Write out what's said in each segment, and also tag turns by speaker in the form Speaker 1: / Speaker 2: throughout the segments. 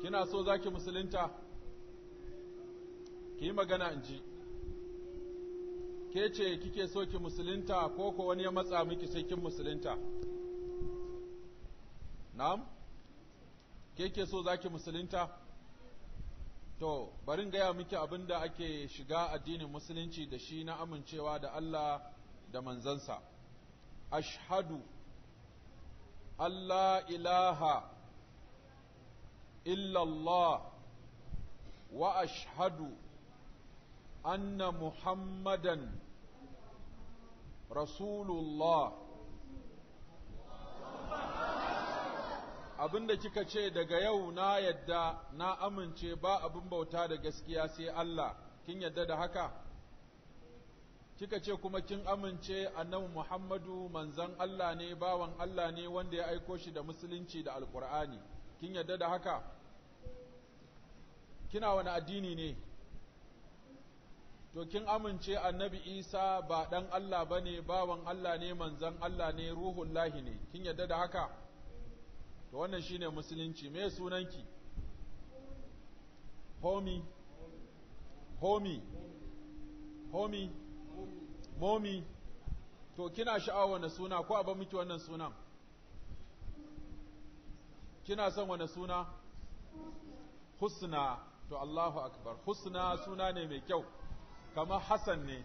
Speaker 1: kina so za ki musulunta ki magana in ji ke ce kike so ki musulunta ko ko wani ya matsa miki sai kin musulunta na'am ke ke so za ki musulunta to barin gaya miki abin da ake shiga addinin musulunci da shi na amincewa da Allah da manzansa ashhadu Allah ilaha إلا الله وأشهد أن محمدا رسول الله abin da kika ce daga yau na yadda na amince ba abin bauta da gaskiya sai Allah kin yadda da haka kika ce kuma kin amince annabi Muhammadu manzon Allah ne bawan Allah ne wanda ya aiko shi da musulunci da alkur'ani kin yadda da haka kina wani addini ne to kin amince annabi isa ba dan Allah bane bawan Allah ne manzan Allah ne ruhun lahi ne kin yadda da haka to wannan shine musulunci me sunanki homi homi homi momi to kina sha'awa wani suna ko abin miki wannan sunan kina son wani suna husna to Allahu akbar husna suna ne mai kyau kamar hasan ne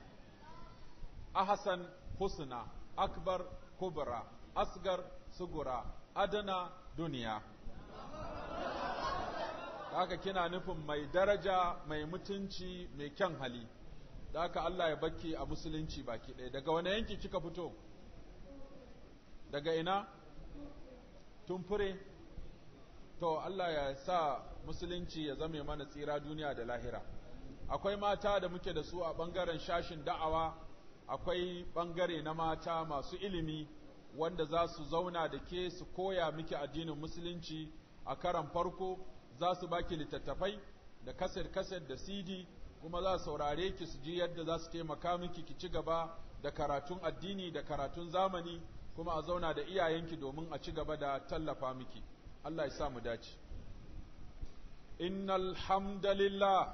Speaker 1: ahasan husna akbar kubra asgar sugura adana duniya haka kina nufin mai daraja mai mutunci mai kyan hali da haka Allah ya baki a musulunci baki ɗaya daga wani yanki kika fito daga ina tumfure to Allah ya sa musulunci ya zame mana tsira duniya da lahira akwai mata da muke da su a ɓangaren shashin da'awa akwai ɓangare na mata masu ilimi wanda za su zauna da ke su koya miki addinin musulunci a karan farko za su baki littattafai da kaset kaset da cd kuma za su saurare ki su ji yadda za su taimaka miki ki ci gaba da karatun addini da karatun zamani kuma a zauna da iyayenki domin a ci gaba da tallafa miki Allah ya sa mu dace إن الحمد لله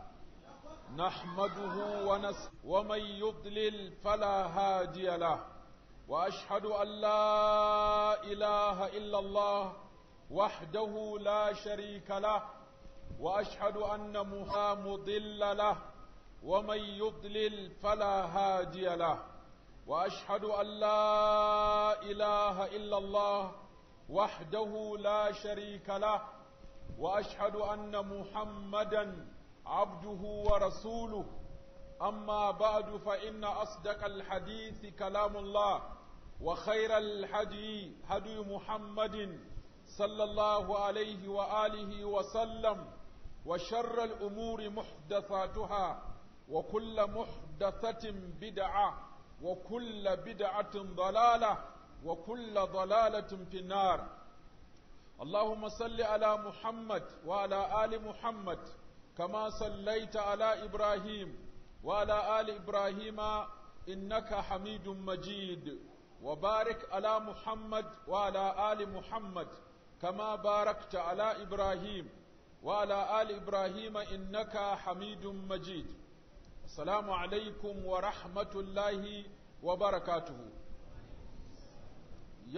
Speaker 1: نحمده ونس ومن يضلل فلا هادي له وأشهد أن لا إله إلا الله وحده لا شريك له وأشهد أن مها مضل له ومن يضلل فلا هادي له وأشهد أن لا إله إلا الله وحده لا شريك له واشهد ان محمدا عبده ورسوله اما بعد فان اصدق الحديث كلام الله وخير الهدي هدي محمد صلى الله عليه واله وسلم وشر الامور محدثاتها وكل محدثه بدعه وكل بدعه ضلاله وكل ضلاله في النار اللهم صل على محمد وعلى آل محمد كما صليت على إبراهيم وعلى آل إبراهيم إنك حميد مجيد وبارك على محمد وعلى آل محمد كما باركت على إبراهيم وعلى آل إبراهيم إنك حميد مجيد السلام عليكم ورحمة الله وبركاته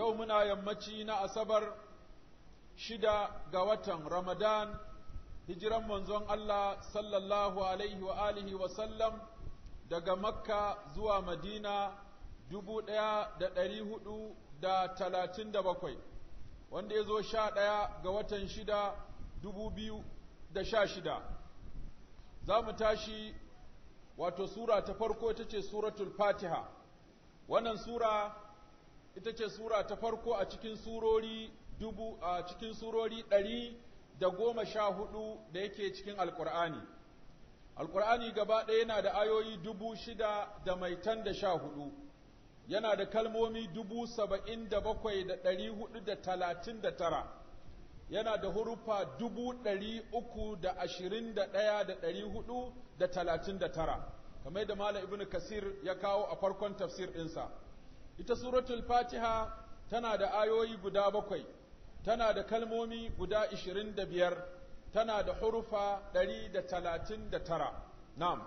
Speaker 1: يومنا يمتين أسبر shida ga watan Ramadan, hijiran manzon Allah sallallahu Alaihi wa alihi sallam daga Makka zuwa Madina dubu ɗaya da ɗari hudu da talatin da bakwai, wanda ya zo sha ɗaya ga watan shida dubu biyu da sha shida. Za mu tashi wato Sura ta farko ta ce Suratul Fatiha, wannan Sura ita ce Sura ta farko a cikin surori dubu a cikin surori ɗari da goma sha hudu da yake cikin alkur'ani alkur'ani gaba ɗaya yana da ayoyi dubu shida da mai maitan da sha hudu yana da kalmomi dubu saba'in da bakwai da ɗari hudu da talatin da tara yana da hurufa dubu ɗari uku da ashirin da ɗaya da ɗari hudu da talatin da tara kamar yadda malam ibnu kasir ya kawo a farkon tafsir ɗinsa ita suratul fatiha tana da ayoyi guda bakwai tana da kalmomi guda 25 tana da hurufa 139 na'am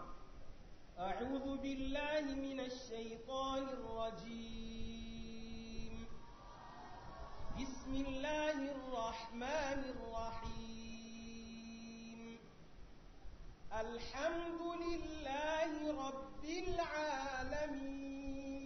Speaker 2: a'udhu billahi minash shaitanir rajim bismillahir rahmanir rahim alhamdulillahi rabbil alamin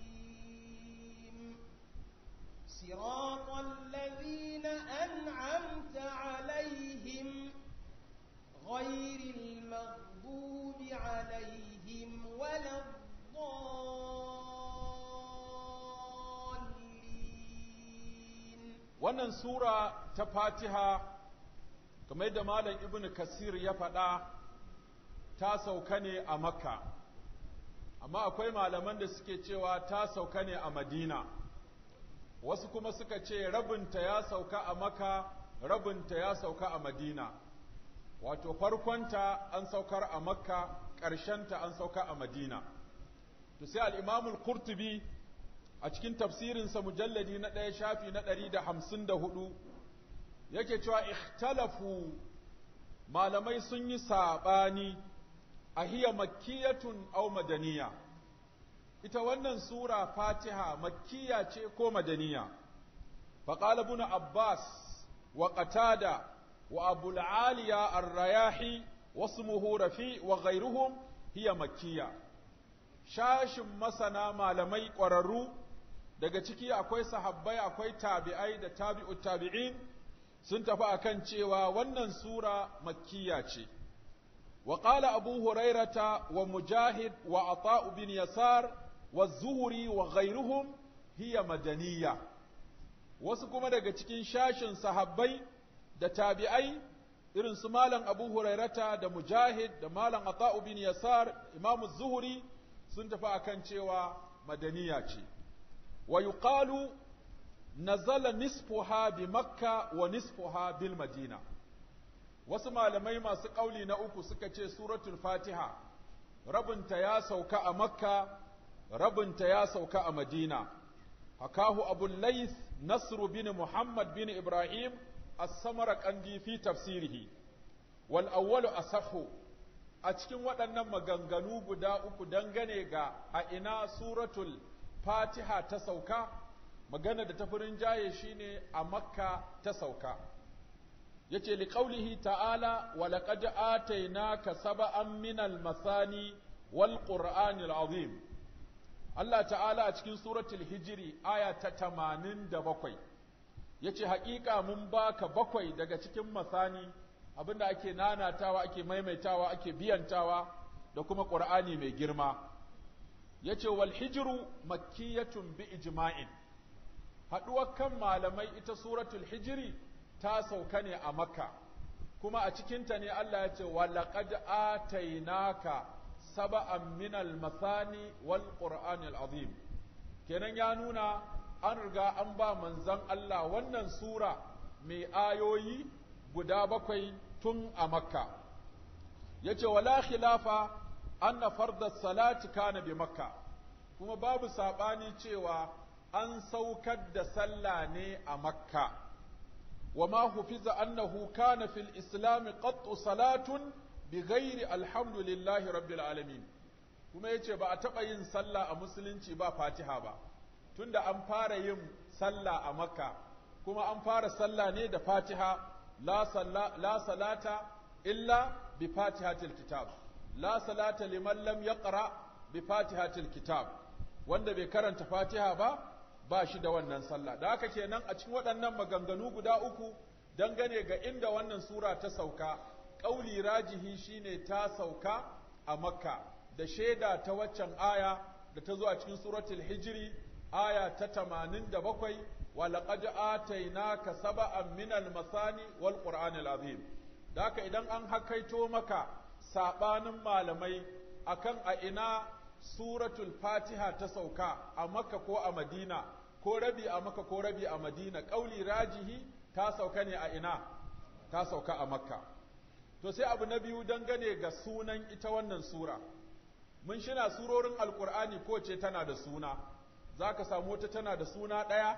Speaker 1: wannan sura ta fatiha kamar yadda malam Ibn kasir ya faɗa ta sauka ne a makka amma akwai malaman da suke cewa ta sauka ne a madina wasu kuma suka ce rabinta ya sauka a makka rabinta ya sauka a madina wato farkonta an saukar a makka ƙarshenta an sauka a madina to sai al-imamul qurtubi a cikin tafsirinsa mujalladi na ɗaya shafi na ɗari da hamsin da hudu yake cewa ikhtalafu malamai sun yi saɓani a hiya makiyatun au madaniya ita wannan sura fatiha makkiya ce ko madaniya faƙala abbas wa qatada wa Abul'aliya arrayahi wasu rayahi wa gairuhu hiya makiya shashin masana malamai ƙwararru daga ciki akwai sahabbai akwai tabi'ai da tabi'ut tabi'in sun tafi akan cewa wannan sura makkiya ce wa qala abu hurairata wa mujahid wa ata'u bin yasar wa zuhuri wa ghairuhum hiya madaniya wasu kuma daga cikin shashin sahabbai da tabi'ai irin su malam abu hurairata da mujahid da malam ata'u bin yasar imamu zuhuri sun tafi akan cewa madaniya ce wa yuqalu nazala nisfuha bi makka wa nisfuha bil madina wasu malamai masu ƙauli na uku suka ce suratul fatiha rabinta ya sauka a makka rabinta ya sauka a madina hakahu abul laith nasru bin muhammad bin ibrahim as-samarqandi fi tafsirihi wal a asahu a cikin waɗannan maganganu guda uku dangane ga a ina suratul fatiha ta sauka magana da tafirin jaye shine a makka ta sauka yace liƙaulihi ta'ala wa laqad atainaka sab'an minal masani wal qur'anil azim Allah ta'ala a cikin suratul hijri aya ta 87 yace haƙiƙa mun baka bakwai daga cikin masani abinda ake nanatawa ake maimaitawa ake biyantawa da kuma qur'ani mai girma yace wal hijru ya bi ijma'in haduwar kan malamai ita suratul hijiri ta sauka ne a makka kuma a cikinta ne Allah ya ce walaqad atainaka sab'an minal masani wal qur'anil azim kenan ya nuna an riga an ba manzon Allah wannan sura mai ayoyi guda bakwai tun a makka yace wala khilafa anna fardar salati kana bi makka kuma babu saɓani cewa an saukar da sallah ne a makka wa ma hufiza annahu kana fil islami qattu salatun bi ghairi alhamdulillahi rabbil alamin kuma yace ba a taɓa yin sallah a musulunci ba fatiha ba tunda an fara yin sallah a makka kuma an fara sallah ne da fatiha la salata illa bi fatihatil kitab la salata liman lam yaqra bi fatihatil kitab wanda bai karanta fatiha ba ba shi da wannan sallah da haka kenan a cikin waɗannan maganganu guda uku dangane ga inda wannan sura ta sauka ƙauli rajihi shine ta sauka a makka da shaida ta waccan aya da ta zo a cikin suratul hijri aya ta 87 wa laqad ka sab'an minal masani wal qur'anil azim da haka idan an hakaito maka saɓanin malamai akan a ina suratul fatiha ta sauka a makka ko a madina ko rabi a makka ko rabi a madina ƙauli rajihi ta sauka ne a ina ta sauka a makka to sai abu na biyu dangane ga sunan ita wannan sura mun shina surorin alkur'ani ko ce tana da suna za ka samu wata tana da suna ɗaya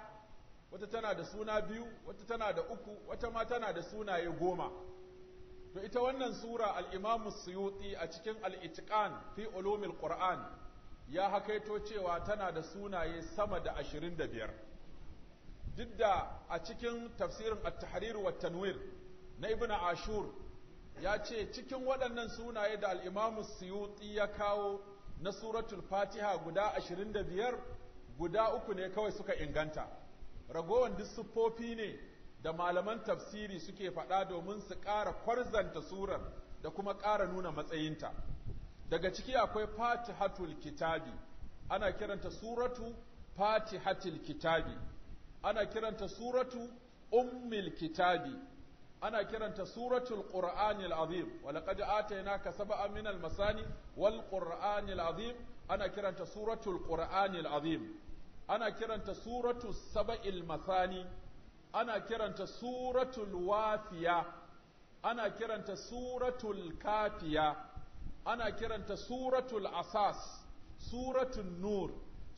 Speaker 1: wata tana da suna biyu wata tana da uku wata ma tana da sunaye goma to ita wannan sura al-Imam Suyuti a cikin al-Itqan fi ulumil Qur'an ya hakaito cewa tana da sunaye sama da 25 duk da a cikin tafsirin at-Tahrir wa tanwir na Ibn Ashur ya ce cikin waɗannan sunaye da al-Imam Suyuti ya kawo na suratul Fatiha guda 25 guda uku ne kawai suka inganta ragowan duk siffofi ne da malaman tafsiri suke faɗa domin su ƙara kwarzanta surar da kuma ƙara nuna matsayinta daga ciki akwai fatihatul kitabi ana kiranta suratu fatihatul kitabi ana kiranta suratu ummil kitabi ana kiranta suratul qur'anil azim wa laqad atainaka sab'an minal masani wal qur'anil azim ana kiranta suratul qur'anil azim ana kiranta suratus sab'il masani ana kiranta suratul wafiya ana kiranta suratul kafiya ana kiranta suratul asas suratul nur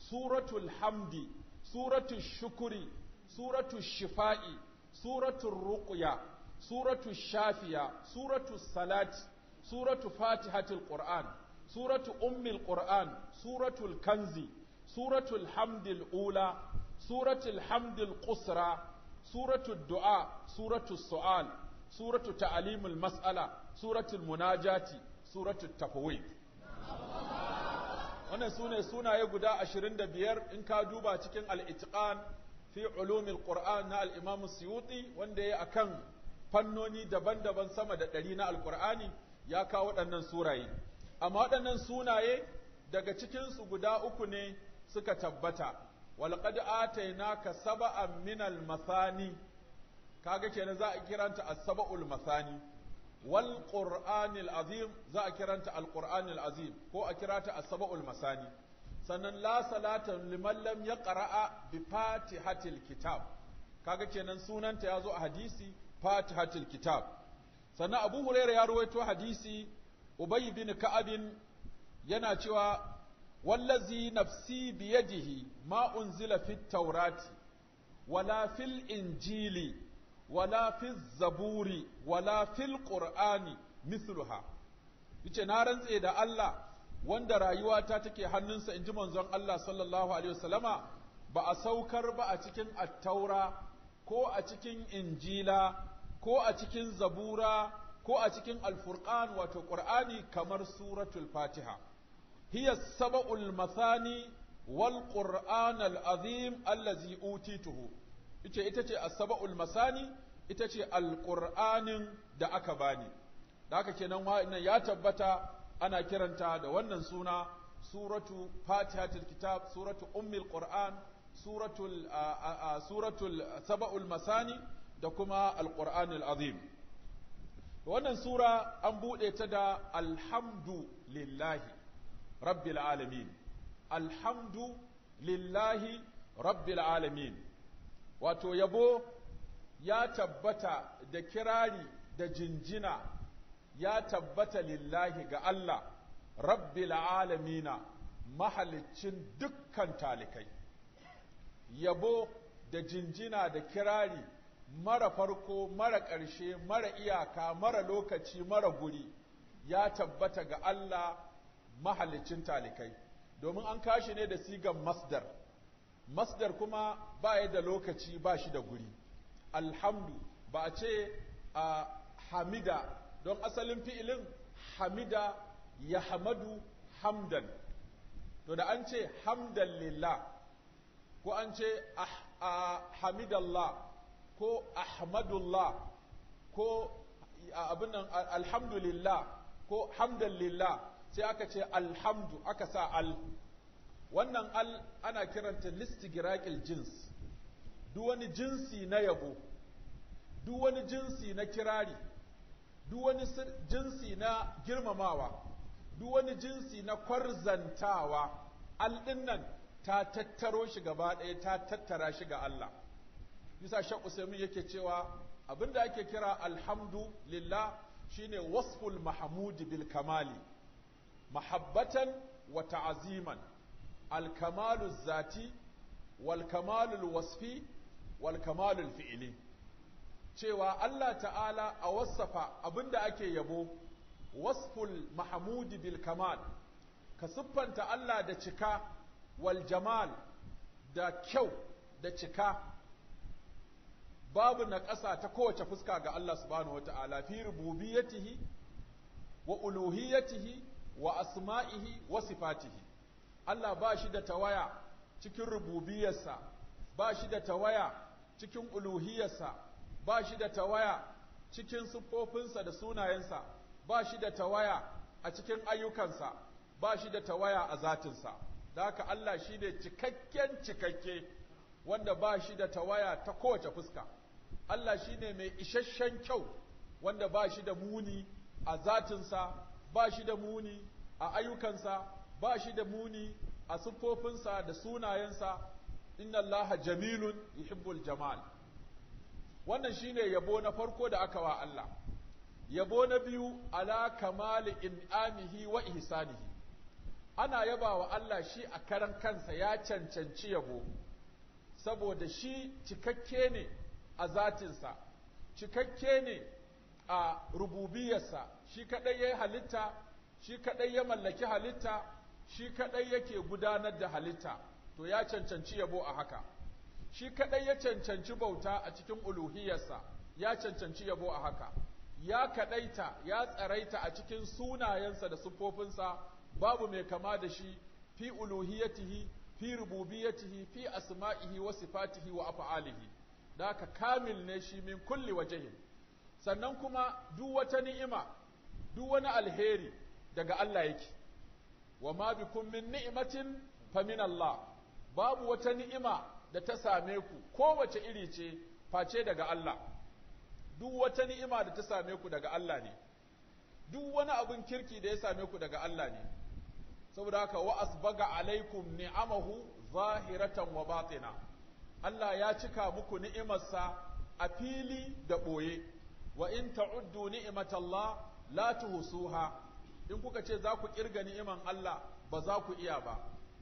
Speaker 1: suratul hamdi suratul shukuri suratul shifa'i suratul ruqya suratul shafiya suratul salati suratul fatihatul qur'an suratul ummil qur'an suratul kanzi suratul hamdil ula suratul hamdil qusra Suratu du'a suratu su'al suratu ta'alimul mas'ala suratul munajati suratul tafawid wannan sune sunaye guda 25 in ka duba cikin al-itqan fi ulumil qur'an na al-imam suyuti wanda yayi akan fannoni daban-daban sama da 100 na al-qur'ani ya kawo waɗannan suraye amma waɗannan sunaye daga cikinsu guda uku ne suka tabbata walqad atainaka sab'an minal mathani kaga kenan za a kiranta as-sab'ul mathani wal qur'anil azim za a kiranta al-qur'anil azim ko a kirata as-sab'ul masani sannan la salata liman lam yaqra'a bi fatihatil kitab kaga kenan sunanta yazo a hadisi fatihatil kitab sannan abu hurairah ya ruwaito hadisi ubay bin ka'ab yana cewa wallazi nafsi biyadihi ma unzila fit taurati wala injili wala fil zaburi wala fil qur'ani mithluha na rantse da Allah wanda rayuwata take hannunsa inji manzon Allah sallallahu alaihi wasallama ba a saukar ba a cikin attaura ko a cikin injila ko a cikin zabura ko a cikin alfurqan wato qur'ani kamar suratul fatiha hiya saba'ul mathani wal qur'an al azim allazi utituhu ita ita ce as-saba'ul masani ita ce alqur'anin da aka bani da haka kenan wa'annan ya tabbata ana kiranta da wannan suna suratu fatihatul kitab suratu ummil qur'an suratul suratul masani da kuma alqur'anul azim wannan sura an buɗe ta da alhamdu lillahi rabbil alamin alhamdu lillahi rabbil alamin wato yabo ya tabbata da kirari da jinjina ya tabbata lillahi ga Allah rabbil alamina mahalicin dukkan talikai yabo da jinjina da kirari mara farko mara ƙarshe mara iyaka mara lokaci mara guri ya tabbata ga Allah mahallicin talikai domin an kashi ne da sigan masdar masdar kuma ba ya da lokaci ba shi da guri alhamdu ba a ce a hamida don asalin fi'ilin hamida ya hamadu hamdan to da an ce hamdan lillah ko an ce ah, hamidallah ko ahmadullah ko abin nan alhamdulillah ko hamdan lillah sai aka ce alhamdu aka sa al wannan al ana kiranta listigirakil jins duk wani jinsi na yabo duk wani jinsi na kirari duk wani jinsi na girmamawa duk wani jinsi na kwarzantawa al'in nan ta tattaro shi gaba ɗaya ta tattara shi ga Allah bisa shan mun yake cewa abinda ake kira alhamdu lillah shine wasful mahamudi bil kamali mahabbatan wa ta'aziman alkamalu zati wal kamalul wasfi wal kamalul fi'ili cewa Allah ta'ala a wasafa abinda ake yabo wasful mahmudi bil kamal ka siffanta Allah da cika wal jamal da kyau da cika babu na ƙasa ta kowace fuska ga Allah subhanahu wa ta'ala fi rububiyatihi wa uluhiyatihi wa asma'ihi wa sifatihi Allah ba shi da tawaya cikin rububiyarsa ba shi da tawaya cikin uluhiyarsa ba shi da tawaya cikin siffofinsa da sunayensa ba shi da tawaya a cikin ayyukansa ba shi da tawaya a zatinsa da haka Allah shi ne cikakken cikakke wanda ba shi da tawaya ta kowace fuska Allah shi ne mai isasshen kyau wanda ba shi da muni a zatinsa ba shi da muni a ayyukansa ba shi da muni a siffofinsa da sunayensa inna allaha jamilun yuhibbul jamal wannan shine yabo na farko da aka wa Allah yabo na biyu ala kamali in'amihi wa ihsanihi ana yaba wa Allah shi a karan kansa ya cancanci yabo saboda shi cikakke ne a zatinsa cikakke ne a rububiyarsa shi ya yayi halitta shi kaɗai ya mallaki halitta shi kaɗai yake gudanar da halitta to ya cancanci yabo a haka shi kaɗai ya cancanci bauta a cikin uluhiyarsa ya cancanci yabo a haka ya kaɗaita, ya tsaraita a cikin sunayensa da siffofinsa babu mai kama da shi fi uluhiyatihi fi rububiyatihi fi asma'ihi wa sifatihi wa af'alihi da ka kamil ne shi min kulli wajehin. sannan kuma duk wata ni'ima duk wani alheri daga Allah yake wa ma bikum min ni'matin fa min Allah babu wata ni'ima da ta same ku kowace iri ce face daga Allah duk wata ni'ima da ta same ku daga Allah ne duk wani abin kirki da ya same ku daga Allah ne saboda haka wa asbaga alaikum ni'amahu zahiratan wa batina Allah ya cika muku ni'imarsa a fili da ɓoye wa in ta'uddu ni'matallah la tuhsuha in kuka ce za ku kirga ni'iman Allah ba za ku iya ba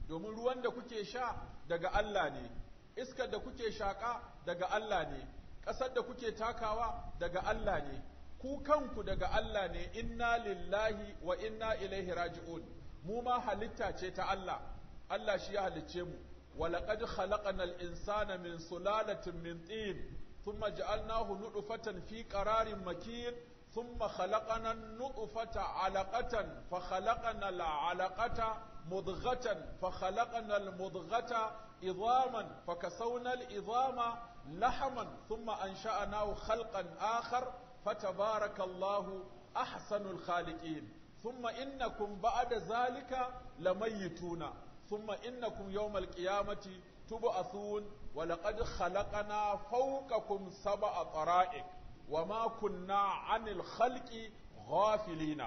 Speaker 1: domin ruwan da kuke sha daga Allah ne iskar da kuke shaka daga Allah ne ƙasar da kuke takawa daga Allah ne ku kanku daga Allah ne inna lillahi wa inna ilaihi raji'un mu ma halitta ce ta Allah Allah shi ya halicce mu wa laqad khalaqnal insana min sulalatin min tin thumma ja'alnahu nutfatan fi qararin makin thumma khalaqana an-nutfata 'alaqatan fa khalaqana al-'alaqata mudghatan fa khalaqana al-mudghata idhaman fa kasawna al-idhama lahaman thumma ansha'nahu khalqan akhar fatabarakallahu ahsanul khaliqin thumma innakum ba'da zalika lamayituna thumma innakum yawmal qiyamati tub'athun ولقد خلقنا فوقكم سبع طرائق وما كنا عن الخلق غافلين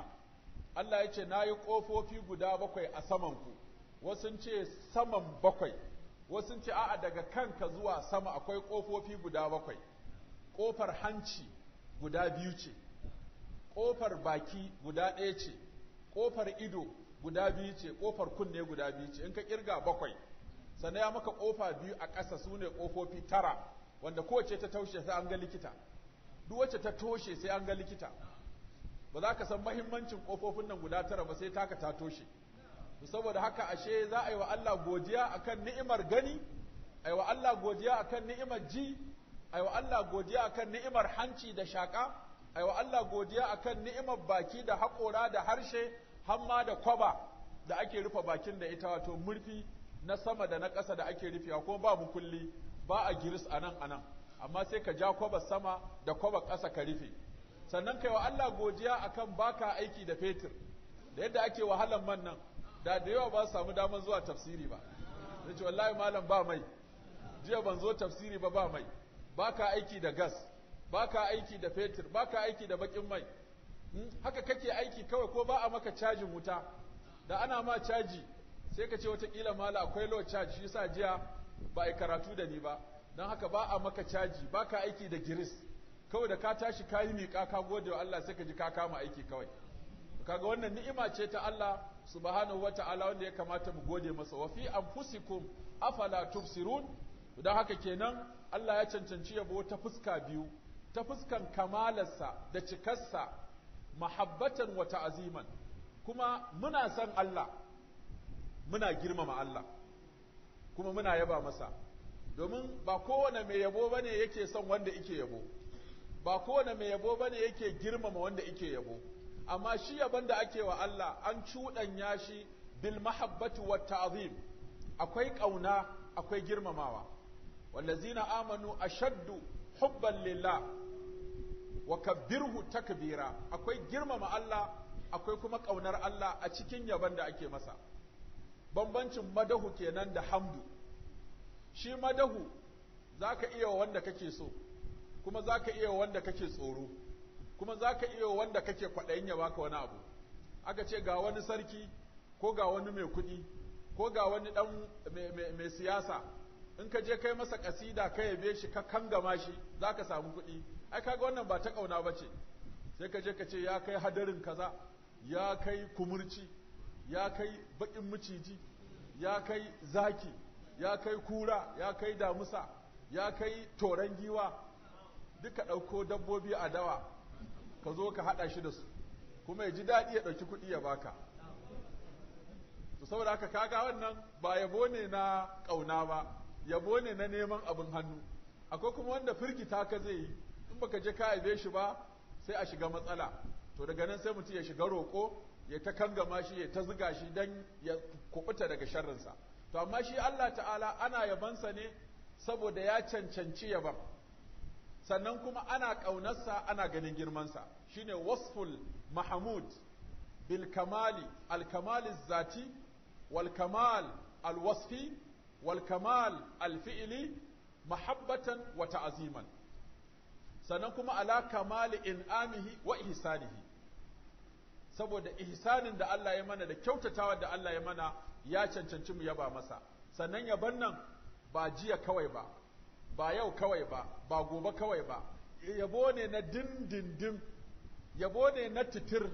Speaker 1: Allah yace nayi na yi ƙofofi guda bakwai a samanku wasu ce saman bakwai wasu ce a'a daga kanka zuwa sama akwai ƙofofi guda bakwai ƙofar hanci guda biyu ce ƙofar baki guda ɗaya ce ƙofar ido guda biyu ce ƙofar kunne guda biyu ce in ka ƙirga bakwai sannan ya maka kofa biyu a ƙasa su ne ƙofofi tara wanda kowace ta taushe sai an ga likita duk wacce ta toshe sai an ga likita ba za ka san mahimmancin ƙofofin nan guda tara ba sai taka ta toshe saboda haka ashe za a yi wa Allah godiya akan ni'imar gani a yi wa Allah godiya akan ni'imar ji a yi wa Allah godiya akan ni'imar hanci da shaƙa a yi wa Allah godiya akan ni'imar baki da haƙora da harshe hamma da kwaba da ake rufe bakin da ita wato murfi na sama da na ƙasa da ake rufewa ko ba mukulli ba a giris a nan a nan amma sai ka ja kwaba sama da kwabar ƙasa ka rufe sannan kai wa Allah godiya akan baka aiki da fetur da yadda ake wahalan man nan da da yawa ba samu daman zuwa tafsiri ba sai ce wallahi malam ba mai jiya ban zo tafsiri ba ba mai baka aiki da gas baka aiki da fetur baka aiki da bakin mai hmm? haka kake aiki kawai ko ba a maka cajin wuta da ana ma caji sai ka ce watakila mala akwai low charge shi sa jiya ba a karatu da ni ba don haka ba a maka caji ba ka aiki da giris kawai da ka tashi ka yi miƙa ka gode wa Allah sai ka ji ka kama aiki kawai kaga wannan ni'ima ce ta Allah subhanahu wa ta'ala wanda ya kamata mu gode masa wa fi anfusikum afala tubsirun don haka kenan Allah ya cancanci yabo ta fuska biyu ta fuskan kamalarsa da cikarsa mahabbatan wa ta'aziman kuma muna san Allah muna girmama Allah kuma muna yaba masa domin ba kowane mai yabo bane yake son wanda yake yabo ba kowane mai yabo bane yake girmama wanda yake yabo amma shi yaban da ake wa Allah an cuɗanya shi bil mahabbatu wa ta'zim akwai kauna akwai girmamawa wallazina amanu ashaddu hubban lillah wa kabbirhu takbira akwai girmama Allah akwai kuma kaunar Allah a cikin yaban da ake masa bambancin madahu kenan da hamdu shi madahu za ka iya wanda kake so kuma za ka iya wanda kake tsoro kuma za ka iya wanda kake kwaɗayin ya baka wani abu aka ce ga wani sarki ko ga wani mai kuɗi ko ga wani ɗan mai siyasa in ka je kai masa ƙasida ka yabe shi ka kangama shi za ka samu kuɗi ai kaga wannan ba ta ƙauna ba ce sai ka je ka ce ya kai hadarin kaza ya kai kumurci ya kai baƙin maciji ya kai zaki ya kai kura ya kai damusa ya kai toran giwa duka ɗauko dabbobi a dawa ka zo ka haɗa shi da su kuma ya ji daɗi ya ɗauki kuɗi ya baka to saboda haka kaga wannan ba yabo ne na ƙauna ba yabo ne na neman abin hannu akwai kuma wanda firgita ka zai yi in baka je ka aibe shi ba sai a shiga matsala to daga nan sai mutum ya shiga roƙo ya ta kangama shi ya ta ziga shi dan ya kubuta daga sharrinsa to amma shi Allah ta'ala ana yabansa ne saboda ya cancanci yaban sannan kuma ana ƙaunarsa ana ganin girmansa shine wasful mahmud bil kamali al kamali zati wal kamal al wasfi wal kamal al fi'li mahabbatan wa ta'ziman sannan kuma ala kamali in'amihi wa ihsanihi saboda ihsanin da Allah ya mana da kyautatawa da Allah ya mana ya cancanci mu yaba masa sannan yaban nan ba jiya kawai ba ba yau kawai ba ba gobe kawai ba yabo ne na dindindin yabo ne na titir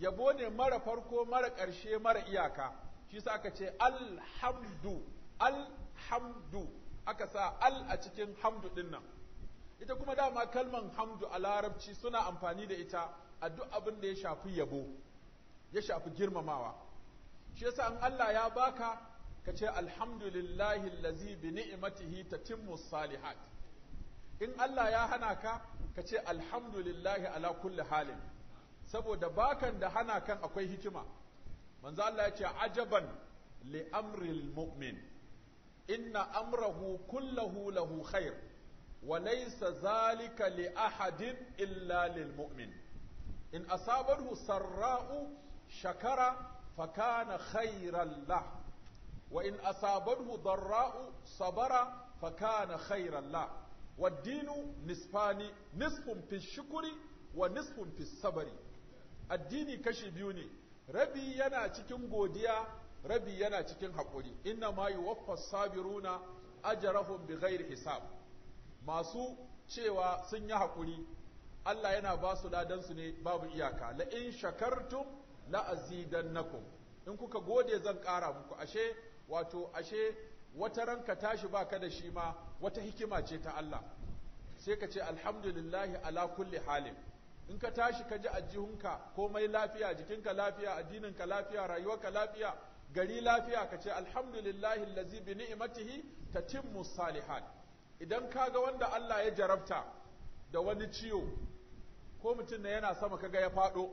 Speaker 1: yabo ne mara farko mara ƙarshe mara iyaka shi sa aka ce alhamdu alhamdu aka sa al a cikin hamdu din ita kuma dama kalman hamdu a larabci suna amfani da ita a duk abin da ya shafi yabo ya shafi girmamawa shi yasa in Allah ya baka ka ce alhamdulillahi allazi bi ni'matihi tatimmu salihat in Allah ya hana ka ka ce alhamdulillahi ala kulli halin saboda bakan da hana kan akwai hikima manzo Allah ya ce ajaban li amril mu'min inna amrahu kullahu lahu khair wa laysa zalika li ahadin illa lil mu'min in asabarhu sarra'u shakara fakana khairan lah wa in asabarhu darra'u sabara fakana khairan lah waddinu nisfani nisfun fi shukuri wa nisfun fi sabari addini kashi biyu ne rabi yana cikin godiya rabi yana cikin haƙuri inna ma yuwaffas sabiruna ajrahum bighairi hisab masu cewa sun yi haƙuri Allah yana ba su ladan su ne babu iyaka la in shakartum la azidannakum in kuka gode zan ƙara muku ashe wato ashe wata ranka tashi baka da shi ma wata hikima ce ta Allah sai ka ce alhamdulillahi ala kulli halin in ka tashi ka ji ajihunka komai lafiya jikinka lafiya addininka lafiya rayuwarka lafiya gari lafiya ka ce alhamdulillahi allazi bi ni'matihi tatimmu salihat idan kaga wanda Allah ya jarabta da wani ciwo ko mutum ne yana sama kaga ya faɗo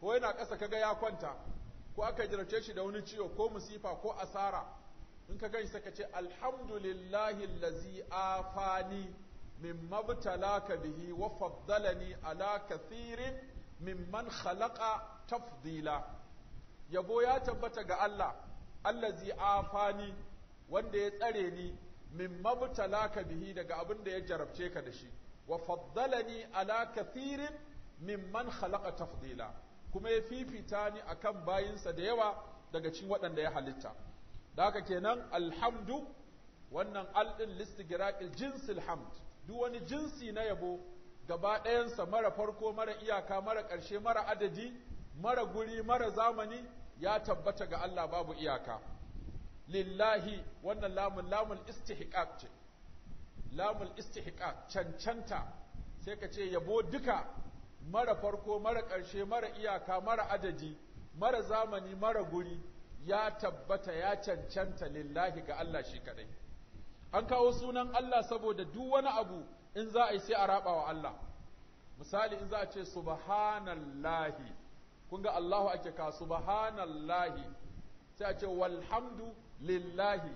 Speaker 1: ko yana ƙasa kaga ya kwanta ko aka jirce shi da wani ciwo ko musifa ko asara in ka gani saka ce alhamdulillahi allazi afani min mabtalaka bihi wa faddalani ala kathirin mimman khalaqa tafdila yabo ya tabbata ga Allah allazi afani wanda ya tsare ni min mabtalaka bihi daga abin da ya jarabce ka da shi wa faddalani ala kathirin mimman khalaqa tafdila kuma ya fifita ni akan bayinsa da yawa daga cikin waɗanda ya halitta da kenan alhamdu wannan aldin listigiraqil jinsi hamd duk wani jinsi na yabo gaba ɗayansa mara farko mara iyaka mara ƙarshe mara adadi mara guri mara zamani ya tabbata ga Allah babu iyaka lillahi wannan lamun lamun istihqaq ce lamul istihqa cancanta sai ka ce yabo duka mara farko mara ƙarshe mara iyaka mara adadi mara zamani mara guri ya tabbata ya cancanta lillahi ga Allah shi kadai an kawo sunan Allah saboda duk wani abu in za a yi sai a raba wa Allah misali in za a ce subhanallahi kun ga Allahu ake ka subhanallahi sai a ce walhamdu lillahi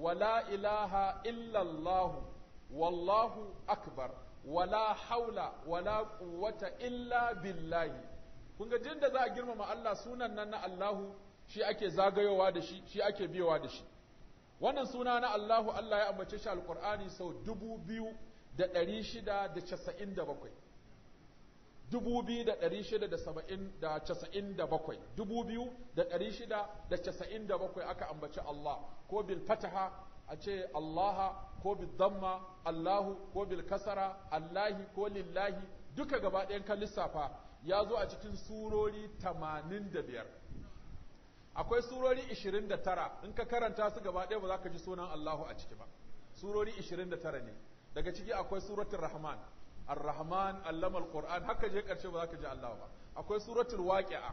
Speaker 1: wala ilaha illallahu wallahu akbar wala haula wala quwwata illa billahi kun ga da za a girmama Allah sunan nan na Allahu shi ake zagayowa da shi shi ake biyowa da shi wannan suna na Allahu Allah ya ambace shi alqur'ani sau bakwai. 2697 aka ambaci Allah ko bil fataha a ce Allah, ko bil damma Allahu ko bil kasara Allahi ko lillahi duka gaba ɗayan ka lissafa ya zo a cikin surori 85 akwai surori 29 in ka karanta su gaba ɗaya ba za ka ji sunan Allahu a ciki ba surori 29 ne daga ciki akwai suratun rahman ar-rahman allama al haka je karshe ba za ka ji Allah ba akwai suratul waqi'a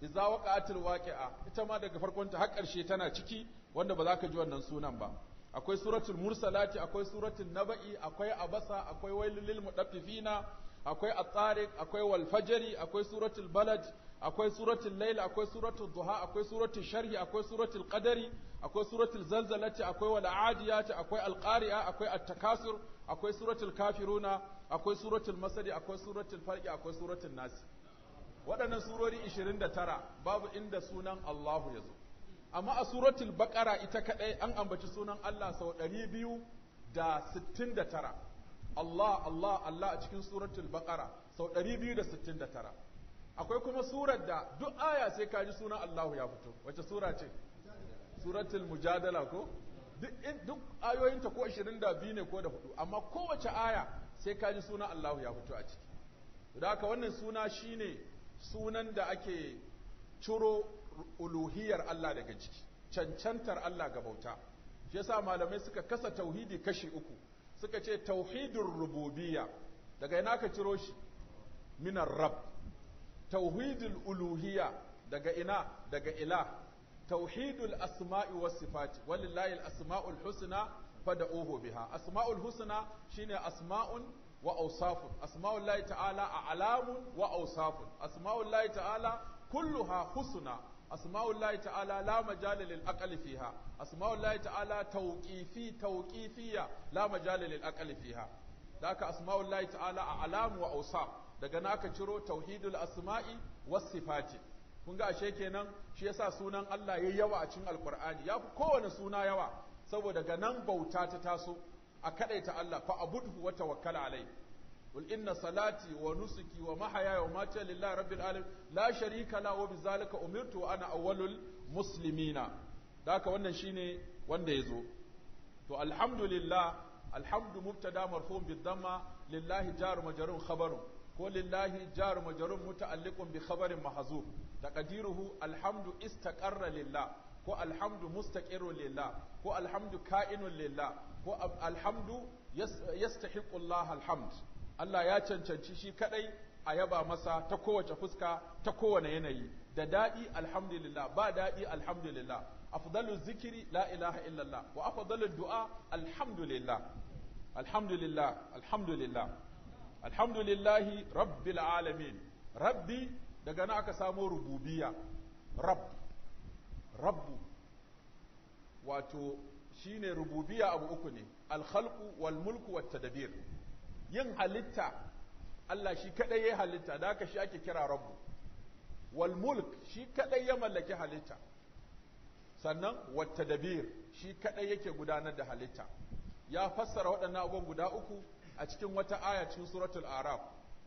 Speaker 1: idza waqa'atul waqi'a ita ma daga farkon ta har karshe tana ciki wanda ba za ka ji wannan sunan ba akwai suratul mursalati akwai suratul naba'i akwai abasa akwai wailul mudaffifina akwai at-tariq akwai wal fajri akwai suratul balad akwai suratul layl akwai suratul duha akwai suratul sharhi akwai suratul qadari akwai suratul zalzalati akwai wal adiyati akwai al qari'a akwai at-takasur akwai suratul kafiruna akwai suratul masadi akwai suratul farqi akwai suratul nasi waɗannan surori 29 babu inda sunan Allahu ya zo amma a suratul baqara ita kadai an ambaci sunan Allah sau 269 Allah Allah Allah a cikin suratul baqara sau 269 akwai kuma surar da duk aya sai ka ji sunan Allahu ya fito wace sura ce suratul mujadala ko duk ayoyinta ko 22 ne ko da hudu amma kowace aya sai ka ji suna Allahu ya fito a ciki da haka wannan suna shine sunan da ake ciro uluhiyar Allah daga ciki cancantar Allah ga bauta shi yasa malamai suka kasa tauhidi kashi uku suka ce tauhidur rububiyya daga ina ka ciro shi minar rab tauhidul uluhiyya daga ina daga ila? tauhidul asma'i was sifati walillahi al asma'ul husna fada'uhu biha asma'ul husna shine asma'un wa awsafun asma'ul lahi ta'ala a'lamun wa awsafun asma'ul lahi ta'ala kulluha husna asma'ul lahi ta'ala la majala lil aqli fiha asma'ul lahi ta'ala tawqifi tawqifiyya la majala lil aqli fiha daka asma'ul lahi ta'ala a'lamu wa awsaf daga naka ciro tauhidul asma'i was sifati kun ga ashe kenan shi yasa sunan Allah yayi yawa a cikin alqur'ani yafi kowane suna yawa saboda ga nan bauta ta taso a kadaita Allah fa abudhu wa tawakkal alai qul inna salati wa nusuki wa mahaya wa mamati lillahi rabbil alamin la sharika la wa bizalika umirtu wa ana awwalul muslimina daka wannan shine wanda yazo to alhamdulillah alhamdu mubtada marfu'un bidamma lillahi jar majrun ko lillahi jar majrun muta'alliqun bi khabarin mahzuf taqdiruhu alhamdu istaqarra lillah ko alhamdu mustaqirun lillah ko alhamdu Ka'inu lillah ko alhamdu yastahiqu Allah alhamd Allah ya cancanci shi kadai a yaba masa ta kowace fuska ta kowane yanayi da dadi alhamdulillah ba dadi alhamdulillah afdalu zikiri la ilaha illallah wa afdalu du'a alhamdulillah alhamdulillah alhamdulillah alhamdulillahi rabbil alamin rabbi daga nan aka samo rububiyya rabb rabbu wato shine rububiya abu uku ne alkhalqu walmulku mulku yin halitta Allah shi kadai yayi halitta da haka shi ake kira rabbu Walmulk shi kadai ya mallaki halitta sannan wat tadbir shi kadai yake gudanar da halitta ya fassara waɗannan abubuwan guda uku a cikin wata aya cikin suratul araf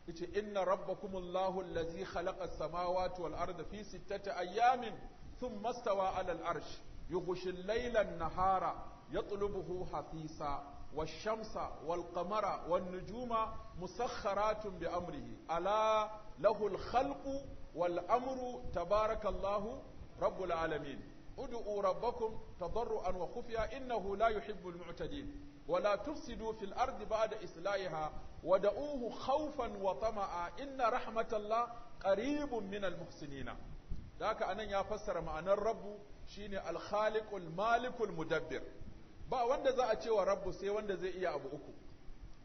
Speaker 1: yace inna rabbakumullahu allazi khalaqa as-samawati wal arda fi sittati ayyamin sun mastawa alal arsh yughshi laylan nahara yatlubuhu hafisa wash-shamsa wal-qamara wan-nujuma musakhkharatun bi amrihi ala lahul khalqu wal-amru tabarakallahu rabbul alamin ud'u rabbakum tadarruan wa khufya innahu la yuhibbul mu'tadin ولا تفسدوا في الأرض بعد إصلاحها ودعوه خوفا وطمعا إن رحمة الله ƙaribun من المحسنين da haka anan ya fassara ma'anar rabbu shine al-khaliqul malikul mudabbir ba wanda za a cewa rabbu sai wanda zai iya abu uku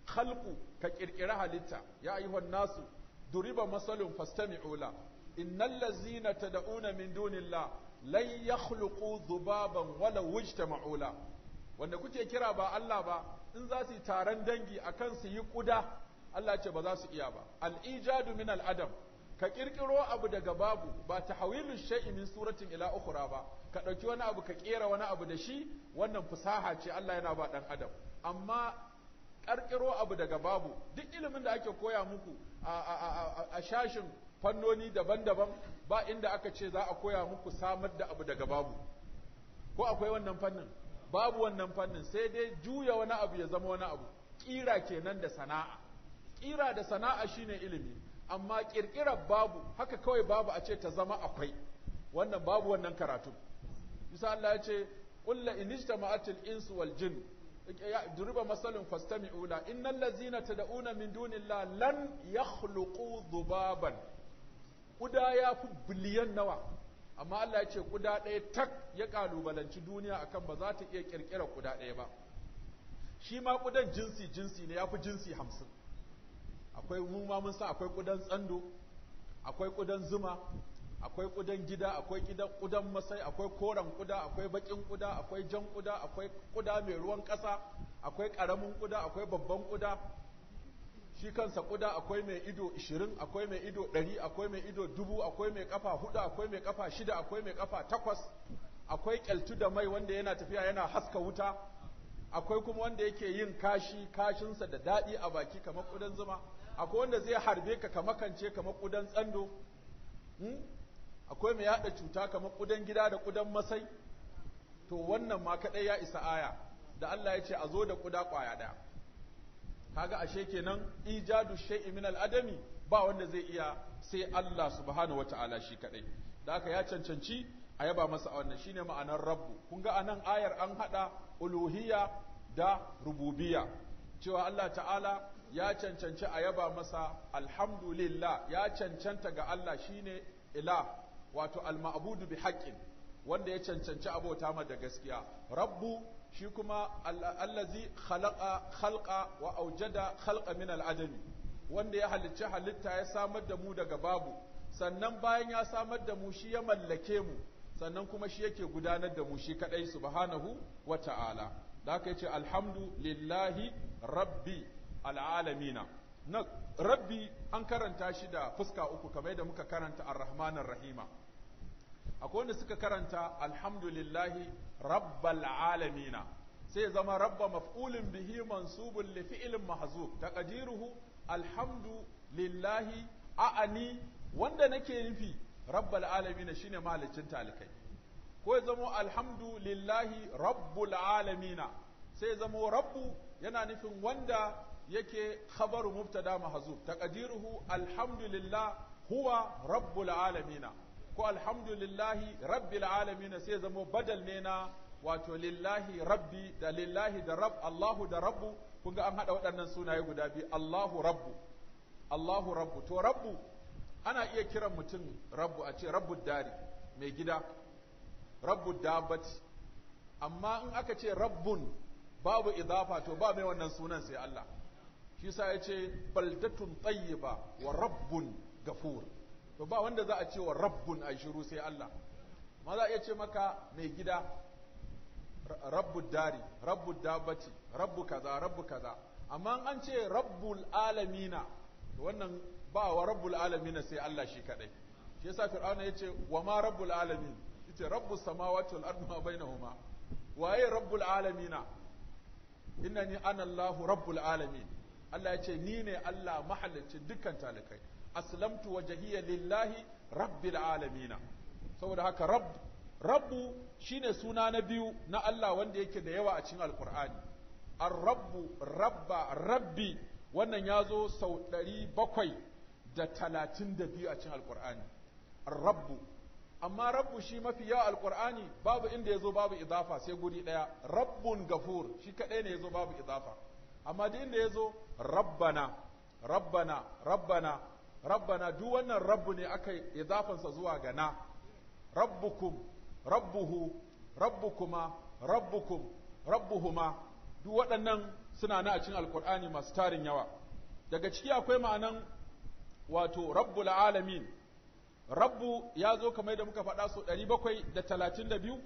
Speaker 1: khalqu ka kirkira halitta ya ayyuhan nasu duriba masalun fastami'u la innal ladzina tad'una min dunillah lan yakhluqu dhubaban walau ijtama'u la wanda kuke kira ba Allah ba in za su yi taron dangi akan su yi kuda Allah ce ba za su iya ba al-ijadu min al-adam ka kirkiro abu daga babu ba ta tahwilu shay'i min suratin ila ukura ba ka ɗauki wani abu ka kera wani abu da shi wannan fusaha ce Allah yana ba dan adam amma ƙarƙiro abu daga babu duk ilimin da ake koya muku a shashin fannoni daban-daban ba inda aka ce za a koya muku samar da abu daga babu ko akwai wannan fannin babu wannan fannin sai dai juya wani abu ya zama wani abu Ƙira kenan da sana'a Ƙira da sana'a shine ilimi amma ƙirƙirar babu haka kawai babu a ce ta zama akwai wannan babu wannan karatu bisa Allah ya ce ƙulla inishta ma'atil insu wal jin duruba masalin fastami ula innal lazina ta da'una min dunillah lan yakhluqu zubaban ƙuda ya fi biliyan nawa amma Allah ya ce ƙuda ɗaya tak ya ƙalubalanci duniya akan ba za ta iya ƙirƙirar ƙuda ɗaya ba shi ma ƙudan jinsi jinsi ne ya fi jinsi hamsin akwai mu mun sa akwai kudan tsando akwai kudan zuma akwai kudan gida akwai kudan masai akwai koren kuda akwai bakin kuda akwai jan kuda akwai kuda mai ruwan kasa akwai karamin kuda akwai babban kuda shi kansa kuda akwai mai ido 20 akwai mai ido 100 akwai mai ido dubu akwai mai kafa hudu akwai mai kafa shida akwai mai kafa takwas akwai kyaltu da mai wanda yana tafiya yana haska wuta akwai kuma wanda yake yin kashi kashinsa da daɗi a baki kamar kudan zuma akwai wanda zai harbe ka ka makance kamar kudan tsando hmm? akwai mai yada cuta kamar kudan gida da kudan masai to wannan ma kadai ya isa aya da Allah ya ce a zo da kuda kwaya daya kaga ashe kenan ijadu shay'i min al-adami ba wanda zai iya sai Allah subhanahu wata'ala shi kadai da haka ya cancanci a yaba masa a wannan shine ma'anar rabbu kun ga anan ayar an hada uluhiyya da rububiyya cewa Allah ta'ala ya cancanci a yaba masa alhamdulillah ya cancanta ga Allah shine ila wato alma'abudu bi haqqin wanda ya cancanci abota ma da gaskiya rabbu shi kuma allazi khalaqa khalqa wa aujada khalqa min al-adami wanda ya halicci halitta ya samar da mu daga babu sannan bayan ya samar da mu shi ya mallake mu sannan kuma shi yake gudanar da mu shi kadai subhanahu wa ta'ala da aka yace alhamdu lillahi rabbi al'alamina na rabbi an karanta shi da fuska uku kamar yadda muka karanta al rahmanir rahima akwai wanda suka karanta alhamdulillahi rabbal alamina sai zama rabba maf'ulin bihi mansubun li fi'lin mahzuf taqdiruhu alhamdu lillahi a'ani wanda nake nufi rabbal alamin shine mahalicin talikai ko ya zama alhamdu lillahi rabbul alamin sai zamo zama rabbu yana nufin wanda yake khabaru mubtada mahzuf taqdiruhu alhamdulillah huwa rabbul alamin ko alhamdulillahi rabbil alamin sai zamo badal ne na wato lillahi rabbi da lillahi da rabb Allahu da rabbu kun ga an hada waɗannan sunaye guda biyu Allahu rabbu Allahu rabbu to rabbu ana iya kiran mutum rabbu a ce rabbu dari mai gida rabbu dabat amma in aka ce rabbun babu idafa to ba mai wannan sunan sai Allah shi sa ya ce baldatun tayyiba wa rabbun gafur to ba wanda za a ce wa rabbun a shiru sai Allah ma za a iya ce maka mai gida rabbu dari rabbu dabati rabbu kaza rabbu kaza amma an ce rabbul alamina to wannan ba wa rabbul alamina sai Allah shi kadai shi yasa fir'auna yace wa ma rabbul alamin yace rabbus samawati wal ardi ma bainahuma waye rabbul alamina innani ana Allahu rabbul alamin Allah ya ce ni ne Allah mahalicci dukkan talikai aslamtu wajhiya lillahi rabbil alamin saboda haka rabb rabbu shine suna na biyu na Allah wanda yake da yawa a cikin alqur'ani ar-rabbu rabba rabbi wannan ya zo sau ɗari bakwai da da talatin biyu a cikin alqur'ani ar-rabbu amma rabbu shi mafi yawa alqur'ani babu inda ya zo babu idafa sai guri ɗaya rabbun gafur shi kadai ne yazo babu idafa amma duk inda yazo rabbana rabbana rabbana rabbana duk wannan rabbu ne aka idafansa zuwa ga na rabbukum rabbuhu rabbukuma rabbukum rabbuhuma duk waɗannan suna na a cikin alkur'ani masu tarin yawa daga ciki akwai ma'anan wato rabbul alamin rabbu ya zo kamar da muka faɗa bakwai da talatin da biyu.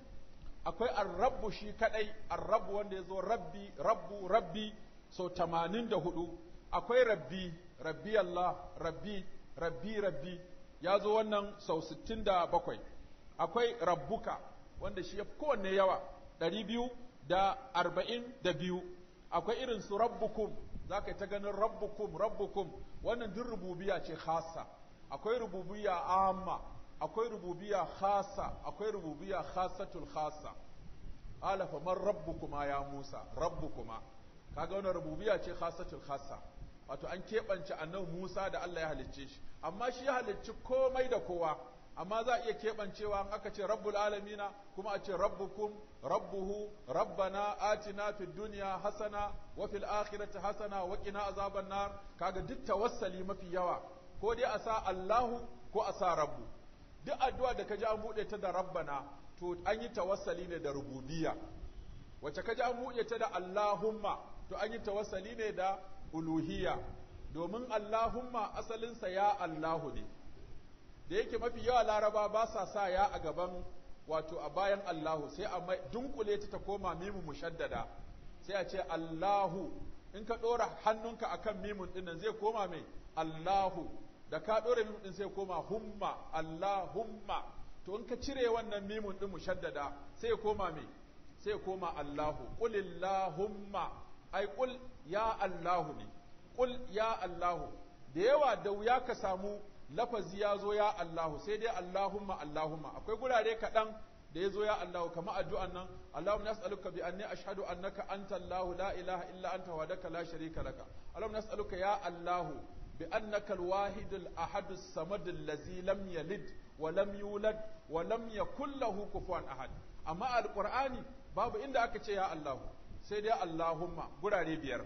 Speaker 1: akwai ar shi kadai ar wanda ya zo rabbi rabbu rabbi Sau tamanin da hudu akwai rabbi rabbi Allah rabbi rabbi rabbi ya zo wannan sau sittin da bakwai akwai rabbuka wanda shi ya fi kowanne yawa ɗari biyu da arba'in da biyu akwai irin su rabbukum za ka yi ta ganin rabbukum rabbukum wannan duk rububiya ce khasa akwai rububiya amma akwai rububiya khasa akwai rububiya khasatul khasa Alafa rabbu man rabbukuma ya musa rabbukuma kaga wannan rububiyya ce khasatul khassa wato an keɓance annabi Musa da Allah ya halicce shi amma shi ya halicci komai da kowa amma za a iya keɓancewa an aka ce rabbul alamina kuma a ce rabbukum rabbuhu rabbana atina fid dunya hasana wa fil akhirati hasana wa qina azaban nar kaga duk tawassali mafi yawa ko dai a sa Allahu ko a sa rabbu duk addu'a da kaji an bude ta da rabbana to an yi tawassali ne da rububiyya wacce kaji an bude ta da Allahumma to an yi tawassali ne da uluhiya domin Allahumma asalinsa ya Allahu ne da yake mafi yawa laraba ba sa sa ya a gaban wato a bayan Allahu sai a dunkule ta ta koma mimu mushaddada sai a ce Allahu in ka ɗora hannunka akan mimun ɗinnan zai koma mai Allahu da ka ɗora mimun ɗin sai koma humma Allahumma to in ka cire wannan mimun ɗin mushaddada sai koma mai sai koma Allahu qulillahumma ai ƙul ya Allahu ne ƙul ya Allahu da yawa da wuya ka samu lafazi ya zo ya Allahu sai dai Allahumma Allahumma akwai gurare kaɗan da ya zo ya Allahu kama addu'an nan Allahumma nas'aluka bi anni ashhadu annaka anta Allahu la ilaha illa anta wahdaka la sharika laka Allahumma nas'aluka ya Allahu bi annaka al-wahid al-ahad as-samad allazi lam yalid wa lam yulad wa lam yakul lahu kufuwan ahad amma al-qur'ani babu inda aka ce ya Allahu sai dai Allahumma gurare biyar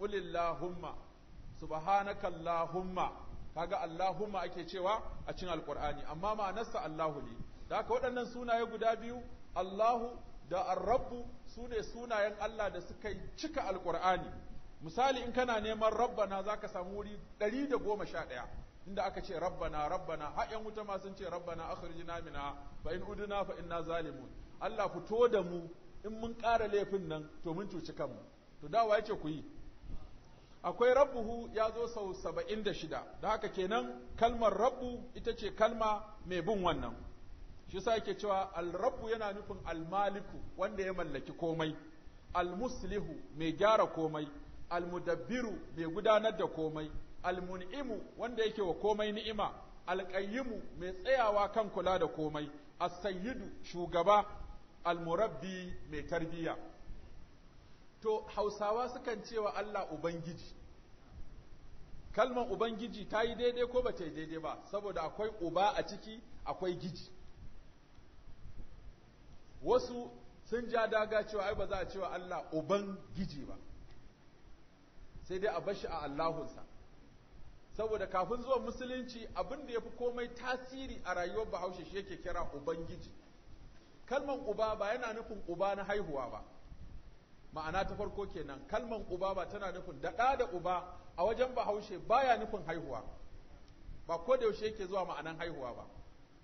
Speaker 1: ulillahumma subhanakallahumma kaga Allahumma ake cewa a cikin alqur'ani amma ma'anasta Allahu ne da haka waɗannan sunaye guda biyu Allahu da Ar-Rabbu ne sunayen Allah da suka cika alqur'ani misali in kana neman rabbana zaka samu wuri ɗari da goma sha ɗaya inda aka ce rabbana rabbana har yan wuta ma sun ce rabbana akhrijna mina fa in udna fa inna zalimun Allah fito da mu in mun ƙara laifin nan to mun cuci kanmu to dawa ya ce ku yi akwai rabbuhu ya zo sau saba'in da shida da haka kenan kalmar rabbu ita ce kalma mai bin wannan shi sa yake cewa alrabbu yana nufin almaliku wanda ya mallaki komai almuslihu mai gyara komai almudabbiru mai gudanar da komai almun'imu wanda yake wa komai ni'ima alƙayyimu mai tsayawa kan kula da komai as shugaba almurabbi mai tarbiyya to hausawa sukan cewa Allah ubangiji kalmar ubangiji ta yi daidai ko ba ta yi daidai ba saboda akwai uba a ciki akwai giji wasu sun ja daga cewa ai ba za a cewa Allah ubangiji ba sai dai a bashi a Allahunsa saboda kafin zuwan musulunci abin da ya fi komai tasiri a rayuwar bahaushe shi yake kira ubangiji kalman uba ba yana nufin uba na haihuwa ba ma'ana ta farko kenan kalman uba ba tana nufin da ɗa da uba a wajen bahaushe baya nufin haihuwa ba ko da yaushe yake zuwa ma'anan haihuwa ba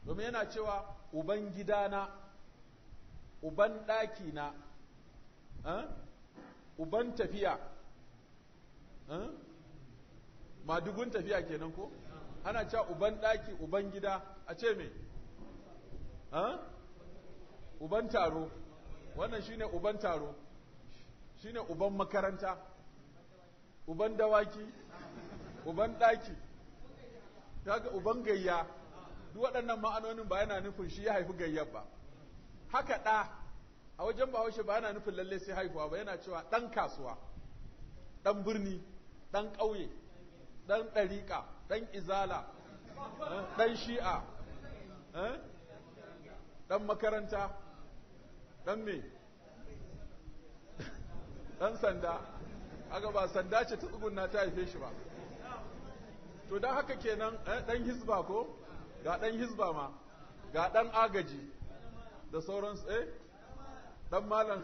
Speaker 1: domin yana cewa uban gidana uban ɗakina eh, uban tafiya eh, madugun tafiya kenan ko ana cewa uban ɗaki uban gida a ce me eh? uban taro wannan shine uban taro shine uban makaranta uban dawaki uban daki kaga uban gayya duk waɗannan ma'anonin ba yana nufin shi ya haifi gayyar ba haka ɗa a wajen bahaushe ba yana nufin lalle sai haifuwa ba yana cewa ɗan kasuwa ɗan birni ɗan ƙauye ɗan ɗariƙa ɗan izala ɗan shi'a eh, ɗan makaranta dan me dan sanda aga ba sanda ce ta tsugunna ta haife shi ba to dan haka kenan eh, dan hizba ko ga dan hizba ma ga dan agaji da su eh dan malam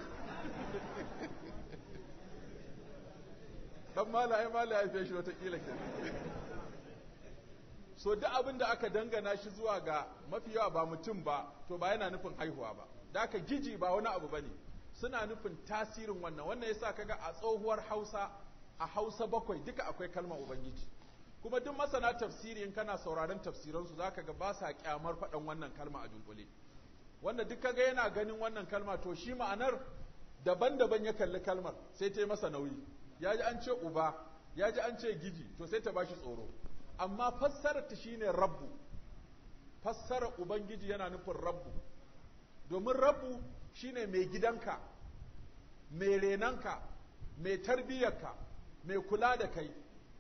Speaker 1: dan malam ai malam ya haife shi watakila kenan so duk abin da aka dangana shi zuwa ga mafi yawa ba mutum ba to ba yana nufin haihuwa ba da aka giji ba wani abu ba ne. suna nufin tasirin wannan wannan ya sa kaga a tsohuwar Hausa a Hausa bakwai duka akwai kalmar ubangiji kuma duk masana tafsiri in kana sauraron tafsiransu za ka ga ba sa kyamar faɗan wannan kalma a dunkule wanda duk kaga yana ganin wannan kalma to shi ma'anar daban-daban ya kalli kalmar sai ta yi masa nauyi ya ji an ce uba ya ji an ce giji to sai ta bashi tsoro amma fassarar ta shine rabbu fassarar ubangiji yana nufin rabbu domin rabbu shine mai gidanka mai renanka mai tarbiyyarka mai kula da kai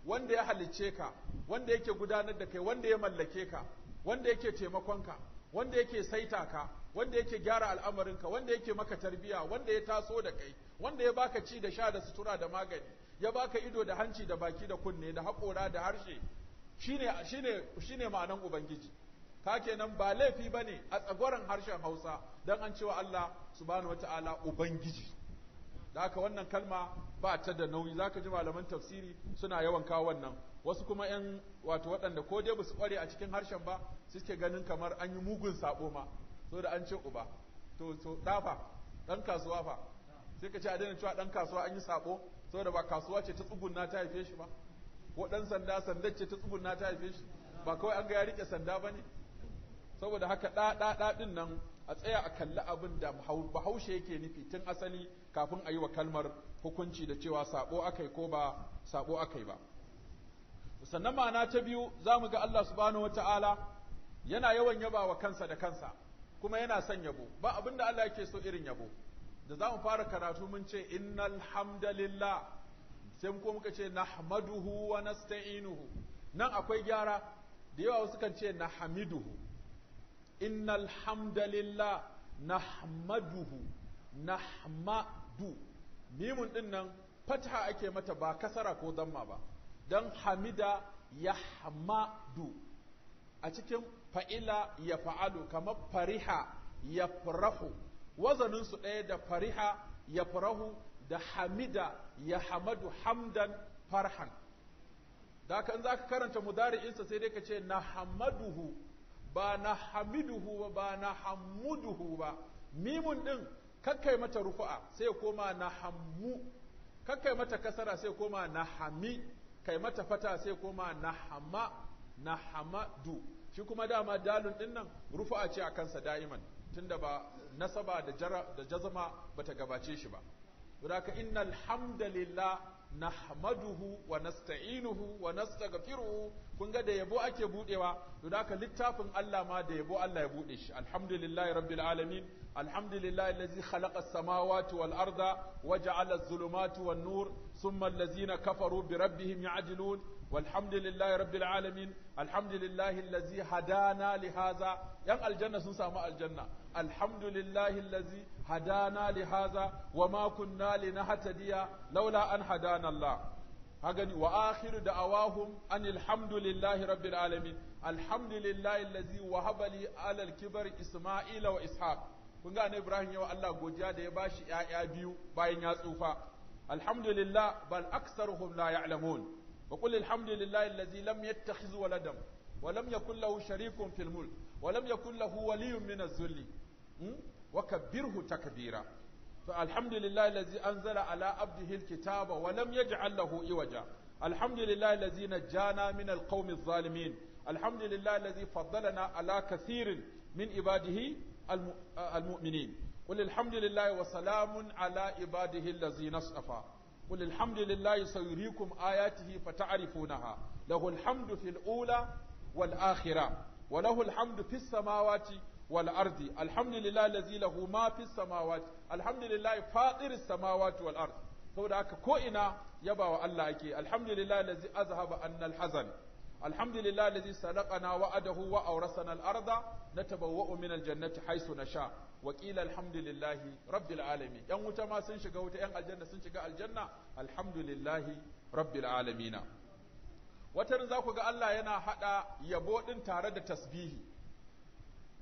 Speaker 1: wanda ya halicce ka wanda yake gudanar da kai wanda ya mallake ka wanda yake taimakonka wanda yake saita ka wanda yake gyara al'amarinka wanda yake maka tarbiya wanda ya taso da kai wanda ya baka ci da sha da sutura da magani ya baka ido da hanci da baki da kunne da haƙora da harshe shine shine shine ma'anan ubangiji ka kenan ba laifi bane a tsagoran harshen Hausa don an cewa Allah subhanahu wataala ubangiji da haka wannan kalma ba ta da nauyi zaka ji malaman tafsiri suna yawan kawo wannan wasu kuma yan wato waɗanda ko dai basu kware a cikin harshen ba suke ganin kamar an yi mugun sabo ma so da an ce uba to to dafa dan kasuwa fa sai ka ce a daina cewa dan kasuwa an yi sabo da ba kasuwa ce ta tsugunna ta haife shi ba ko ɗan sanda sandar ce ta tsugunna ta haife shi ba kawai an ga ya rike sanda ne? saboda haka ɗaɗaɗa ɗin nan a tsaya a kalli abin da bahaushe yake nufi tun asali kafin a yi wa kalmar hukunci da cewa saɓo akai ko ba saɓo akai ba sannan ma'ana ta biyu za mu ga Allah subhanahu wata'ala yana yawan yaba wa kansa da kansa kuma yana son yabo ba abin da Allah yake so irin yabo da za mu fara karatu mun ce innal hamdalillah sai mu muka ce nahmaduhu wa nasta'inuhu nan akwai gyara da yawa wasu kan ce nahamiduhu إن الحمد لله نحمده نحمد ميم إن فتحة أكي متى با كسرة كو ضمة با دن حمد يحمد أتكلم فإلا يفعل كما فرح يفرح وزن سؤال فرح يفرح da hamida ya hamadu hamdan farhan da kan za ka karanta mudari'insa sai dai ka ce na hamaduhu ba na hamiduhu ba ba na hamuduhu ba mimun din kakkai mata rufu'a sai koma na hammu kakkai mata kasara sai koma na hami kai mata fata sai koma na hama na hamadu shi kuma dama dalun din nan rufu'a ce a kansa da'iman tunda ba nasaba da jazama ba jazama bata gabace shi ba saboda innal hamdalillah nahmaduhu wa nasta'inuhu wa nastaghfiruhu kun ga da yabo ake budewa to da haka littafin Allah ma da yabo Allah ya bude shi alhamdulillahi rabbil alamin alhamdulillahi allazi khalaqa as-samawati wal arda wa ja'ala adh-dhulumati wan nur thumma allazina kafaru bi rabbihim ya'dilun walhamdulillahi rabbil alamin alhamdulillahi allazi hadana li hadha yan aljanna sun samu aljanna alhamdulillahi allazi hadana li haza wa ma kunna linahtadiya laula an hadana Allah hagani wa akhiru da'awahum anil hamdulillahi rabbil alamin alhamdulillahi allazi wahaba li alal kibar isma'ila wa ishaq kun ga ne Ibrahim yau Allah godiya da yabashi bashi ƴaƴa biyu bayan ya tsufa alhamdulillah bal aktsaruhum la ya'lamun wa qul alhamdulillahi allazi lam yattakhiz waladan ولم يكن له شريك في الملك ولم يكن له ولي من الذل Hmm? wa ta Kabira. to alhamdulillah allazi anzala ala abdihi alkitaba wa lam yaj'al lahu iwaja alhamdulillah allazi najjana min alqawmi adh-dhalimin alhamdulillah allazi faddalana ala kathirin min ibadihi uh, almu'minin qul alhamdulillah wa salamun ala ibadihi allazina istafa قل الحمد لله سيريكم آياته فتعرفونها له الحمد في الأولى والآخرة وله الحمد في السماوات wal ardi alhamdulillahi allazi lahu ma fis samawati alhamdulillahi fatiris samawati wal ardi saboda haka ko ina ya ba wa Allah ake alhamdulillahi allazi azhaba anna al-hazan alhamdulillahi allazi sadaqana wa'adahu wa awrasana al-arda natabawwa'u min al-jannati haythu sha wa qila alhamdulillahi rabbil alamin yan wuta ma sun shiga wuta yan aljanna sun shiga aljanna alhamdulillahi rabbil alamin watan za ku ga Allah yana haɗa yabo ɗin tare da tasbihi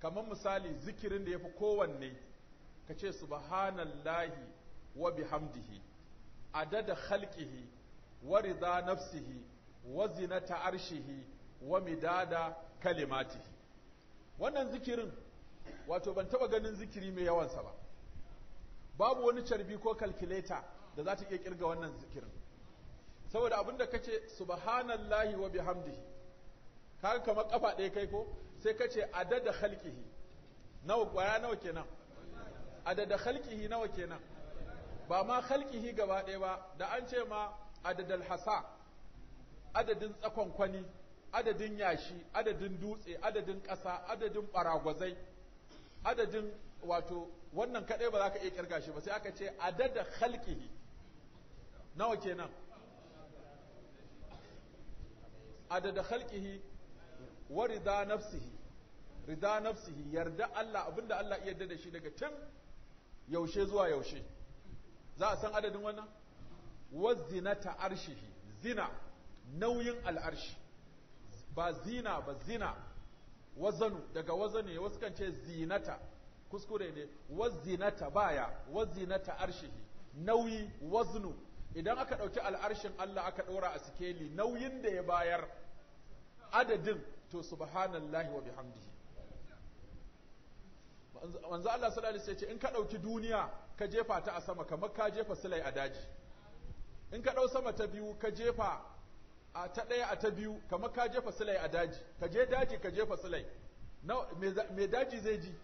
Speaker 1: kamar misali zikirin da ya fi kowanne ka ce subhanallahi wa bihamdihi adada khalqihi wa rida nafsihi wa zinata arshihi wa midada kalimatihi wannan zikirin wato ban taba ganin zikiri mai yawansa ba babu wani carbi ko calculator da za ta iya kirga wannan zikirin saboda abinda kace subhanallahi wa bihamdihi kaga kamar kafa ɗaya kai ko sai ka ce adada halkihi nawa kwaya nawa kenan adada halkihi nawa kenan ba ma halkihi gaba ɗaya ba da an ce ma adadal hasa adadin tsakonkwani adadin yashi adadin dutse adadin ƙasa adadin ɓaragwazai adadin wato wannan kaɗai ba za ka iya ƙirga shi ba sai aka ce adada halkihi nawa kenan adada halkihi wa rida nafsihi rida nafsihi yarda Allah abinda Allah ya yarda da shi daga tun yaushe zuwa yaushe za a san adadin wannan wa zinata arshihi zina nauyin al'arshi ba zina ba zina wazanu daga wazane wasu kan ce zinata kuskure ne zinata baya wazinata arshihi nauyi waznu idan aka ɗauki al'arshin Allah aka ɗora a sikeli nauyin da ya bayar adadin to subhanallahi wa bihamdihi manzo Allah sallallahu alaihi wasallam in ka dauki duniya ka jefa ta a sama kamar ka jefa silai a daji in ka dau sama ta biyu ka jefa a ta daya a ta biyu kamar ka jefa silai a daji ka je daji ka jefa silai me daji zai ji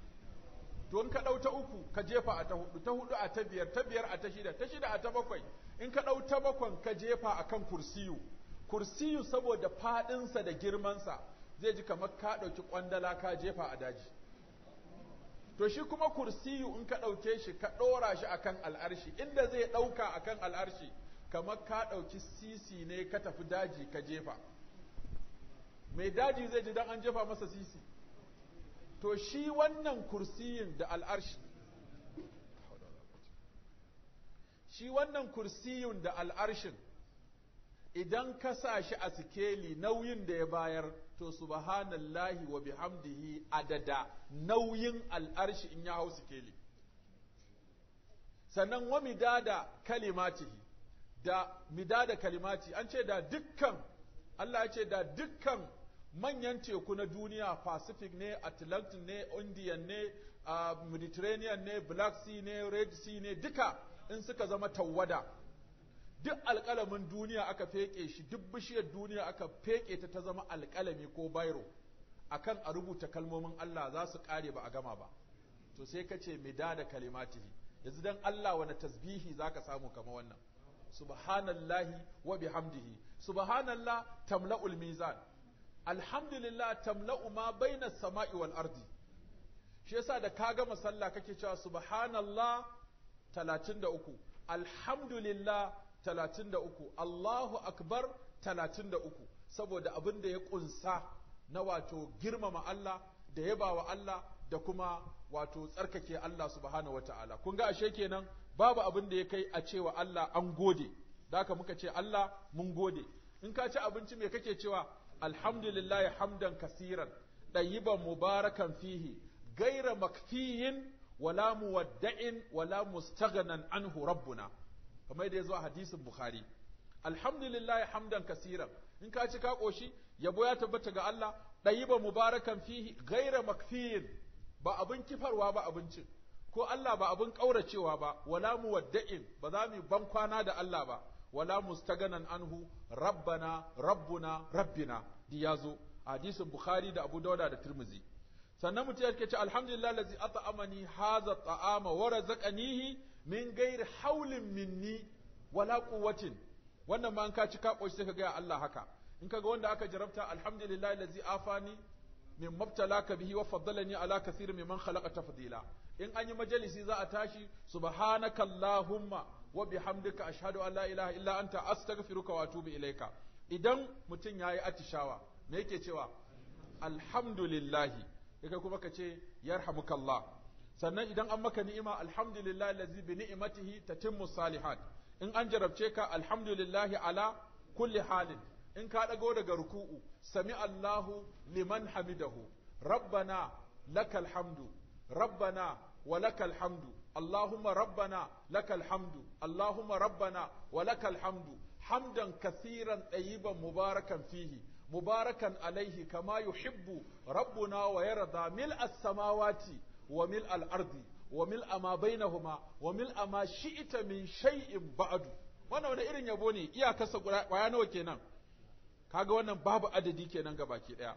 Speaker 1: to in ka dau ta uku ka jefa a ta hudu ta hudu a ta biyar ta biyar a ta shida ta shida a ta bakwai in ka dau ta bakwai ka jefa akan kursiyu kursiyu saboda fadinsa da girmansa zai ji kamar ka ɗauki ƙwandala ka jefa a daji to shi kuma kursiyu in ka ɗauke shi ka ɗora shi akan al'arshi inda zai ɗauka akan al'arshi kamar ka ɗauki sisi ne ka tafi daji ka jefa mai daji zai ji dan an jefa masa sisi to shi wannan kursiyin da al'arshi shi wannan kursiyun da al'arshin idan ka sa shi a sikeli nauyin da ya bayar to subhanallahi wa bihamdihi adada nauyin al'arshi in ya hau sikeli sannan wa midada kalimatihi da midada kalimati an ce da dukkan Allah ya ce da dukkan manyan teku na duniya pacific ne atlantic ne indian ne uh, mediterranean ne black sea ne red sea ne duka in suka zama tawwada duk alƙalamin duniya aka feƙe shi duk bishiyar duniya aka feƙe ta ta zama alƙalami ko bairo kan a rubuta kalmomin Allah za su ƙare ba a gama ba to sai ka ce da kalimatihi yanzu dan Allah wani tasbihi za ka samu kama wannan subhanallahi wa bihamdihi subhanallah tamla'ul mizan alhamdulillah tamla'u ma bainas sama'i wal ardi shi yasa da ka gama sallah kake cewa subhanallah 33 alhamdulillah Talatin da uku, Allahu akbar uku, saboda abin da ya ƙunsa na wato girmama Allah da wa Allah da kuma wato tsarkake Allah subhanahu wataala kun ga ashe kenan babu abin da ya kai a cewa Allah an gode daka muka ce Allah mun gode in ka ci abinci mai kake cewa alhamdulillahi hamdan kasiran ɗayyiban mubarakan fihi gaira makfiyin wala muwadda'in wala mustaghnan anhu rabbuna kamar yadda ya zo a hadisin bukhari alhamdulillahi hamdan kasiran in ka ci ka koshi yabo ya tabbata ga Allah ɗayiba mubarakan fihi gaira makfiyin ba abin kifarwa ba abincin ko Allah ba abin ƙauracewa ba wala mu muwadda'in ba za mu ban kwana da Allah ba wala mustaganan anhu rabbana rabbuna rabbina di yazo hadisin bukhari da abu da tirmizi sannan mutum yake ce alhamdulillah allazi ata'amani hadha ta'ama wa razaqanihi min gairi haulin minni wala quwwatin wannan ma an ka ci ka koshi sai ka ga Allah haka in ga wanda aka jarabta alhamdulillahi lazi afani min mabtalaka bihi wa faddalani ala kathir mimman khalaqa tafdila in an yi majalisi za a tashi subhanaka allahumma wa bihamdika ashhadu an la ilaha illa anta astaghfiruka wa atubu ilaika idan mutum yayi atishawa me yake cewa alhamdulillahi kai kuma ka ce yarhamukallah sannan idan an maka ni'ima alhamdulillah allazi bi ni'matihi tatimmu salihat in an jarabce ka alhamdulillah ala kulli halin in ka dago daga ruku'u sami allahu liman hamidahu rabbana lakal hamdu rabbana walakal hamdu allahumma rabbana lakal hamdu allahumma rabbana walakal hamdu hamdan kathiran tayyiban mubarakan fihi mubarakan alaihi kama yuhibbu rabbuna wa yarda mil as-samawati Wamil mil al-ardi wa mil ama bainahuma wa mil ama shi'ita min shai'in ba'adu. wannan wani irin yabo ne iyakarsa kwaya nawa kenan kaga wannan babu adadi kenan gabaki ɗaya. daya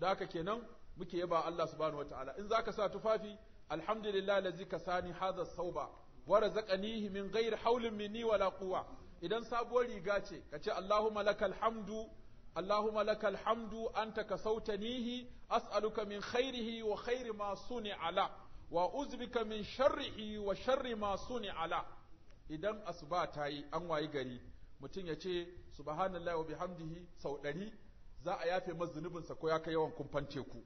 Speaker 1: da haka kenan muke yaba Allah subhanahu wataala in zaka sa tufafi alhamdulillah allazi kasani hadha sauba wa razaqanihi min ghairi hawlin minni wala kuwa. idan sabuwar riga ce ka kace Allahumma lakal hamdu اللهم لك الحمد أنت كسوتنيه أسألك من خيره وخير ما صنع له وأزبك من شره وشر ما صنع له idan asuba ta yi an wayi gari mutum ya ce subhanallahi wa bihamdihi sau ɗari za a yafe masa zunubinsa ko ya ka yawan kumfan teku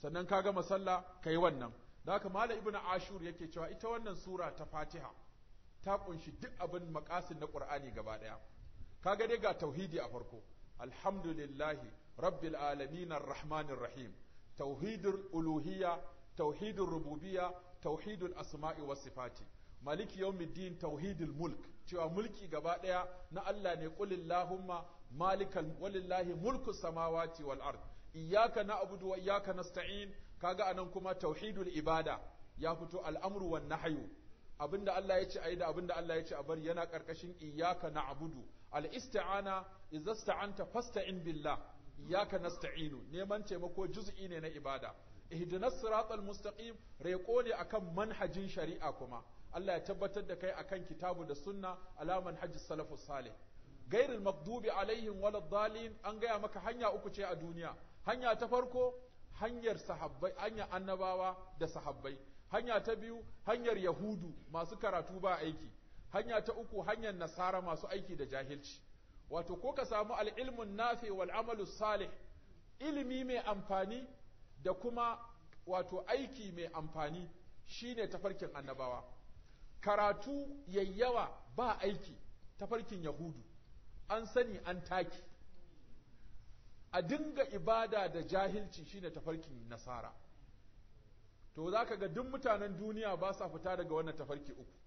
Speaker 1: sannan ka gama sallah kai wannan da haka malam ibnu ashur yake cewa ita wannan sura ta fatiha ta kunshi duk abin makasin na qur'ani gaba ɗaya kaga dai ga tauhidi a farko alhamdulillahi rabbil alamin arrahmanir rahim Tauhidin uluhiyya tauhidin Rububiya, tauhidul asma'i was sifati maliki yawmiddin tauhidul mulk cewa mulki gaba ɗaya na Allah ne qulillahumma malikal walillahi mulku samawati wal ard iyyaka na'budu wa iyyaka nasta'in ga anan kuma tauhidul ibada ya fito al'amru wan nahyu abinda Allah ya ce a ayi da abinda Allah ya ce a bari yana karkashin iyyaka na'budu al-isti'ana idza in fasta'in billah iyyaka nasta'inu neman taimako juz'i ne na ibada ihdinas siratal mustaqim reko ne akan manhajin shari'a kuma Allah ya tabbatar da kai akan kitabu da sunna alaman hajji salafu salih gairil Makdubi alaihim waladdalin an gaya maka hanya uku ce a duniya hanya ta farko hanyar sahabbai hanya annabawa da sahabbai hanya ta biyu hanyar yahudu masu karatu ba aiki hanya ta uku hanyar nasara masu aiki da jahilci wato ko ka samu al'ilmun nafi wal amalu salih ilimi mai amfani da kuma wato aiki mai amfani shine tafarkin annabawa karatu yayyawa ba aiki tafarkin yahudu an sani an taki a dinga ibada da jahilci shine tafarkin nasara to zaka ga duk mutanen duniya ba sa fita daga wannan tafarki uku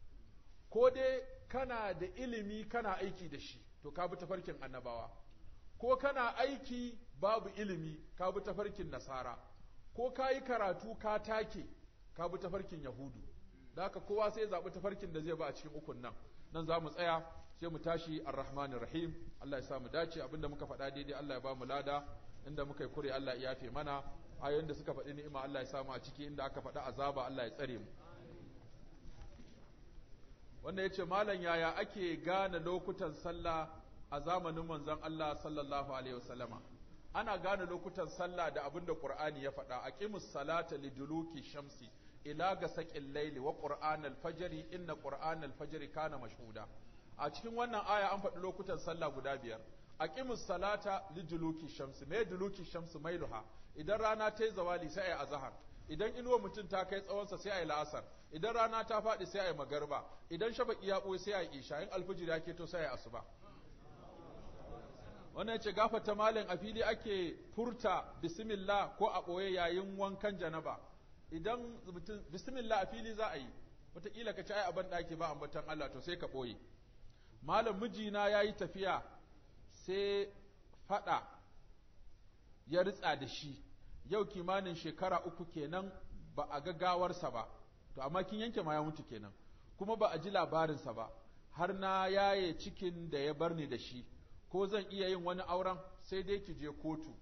Speaker 1: ko dai kana da ilimi kana aiki da shi to ka bi tafarkin annabawa ko kana aiki babu ilimi ka bi tafarkin nasara ko ka yi karatu ka take ka bi tafarkin yahudu da haka kowa sai ya zaɓi tafarkin da zai ba a cikin ukun nan nan za mu tsaya sai mu tashi arrahmanir rahim Allah ya sa mu dace abinda muka faɗa daidai Allah ya ba mu lada inda muka yi kure Allah ya yafe mana ayoyin da suka faɗi ni'ima Allah ya samu a ciki inda aka faɗa azaba Allah ya tsare mu wanda ya ce malam yaya ake gane lokutan sallah a zamanin manzon Allah sallallahu alaihi wasallama ana gane lokutan sallah da abin da Qur'ani ya faɗa aqimus salata liduluki shamsi ila gasaqil layli wa qur'anal fajri inna qur'anal fajri kana mashhuda a cikin wannan aya an faɗi lokutan sallah guda biyar a aqimus salata liduluki shamsi mai duluki shamsi mailuha idan rana ta yi zawali sai yi azahar idan inuwa mutum ta kai tsawonsa sa sai ayi la'asar idan rana ta faɗi sai a yi magarba idan shafaki ya ɓoye sai a yi isha in alfijir ya keto sai a yi asuba wannan ce gafa ta malin a fili ake furta bismillah ko a ɓoye yayin wankan janaba idan bismillah a fili za a yi wataƙila ka ci ai abin banɗaki ba ambatan Allah to sai ka ɓoye malam mijina ya yi tafiya sai faɗa ya ritsa da shi yau kimanin shekara uku kenan ba a gawarsa ba to amma kin yanke ma ya mutu kenan kuma ba a ji labarinsa ba har na yaye cikin da ya bar ni da shi ko zan iya yin wani auren sai dai ki je kotu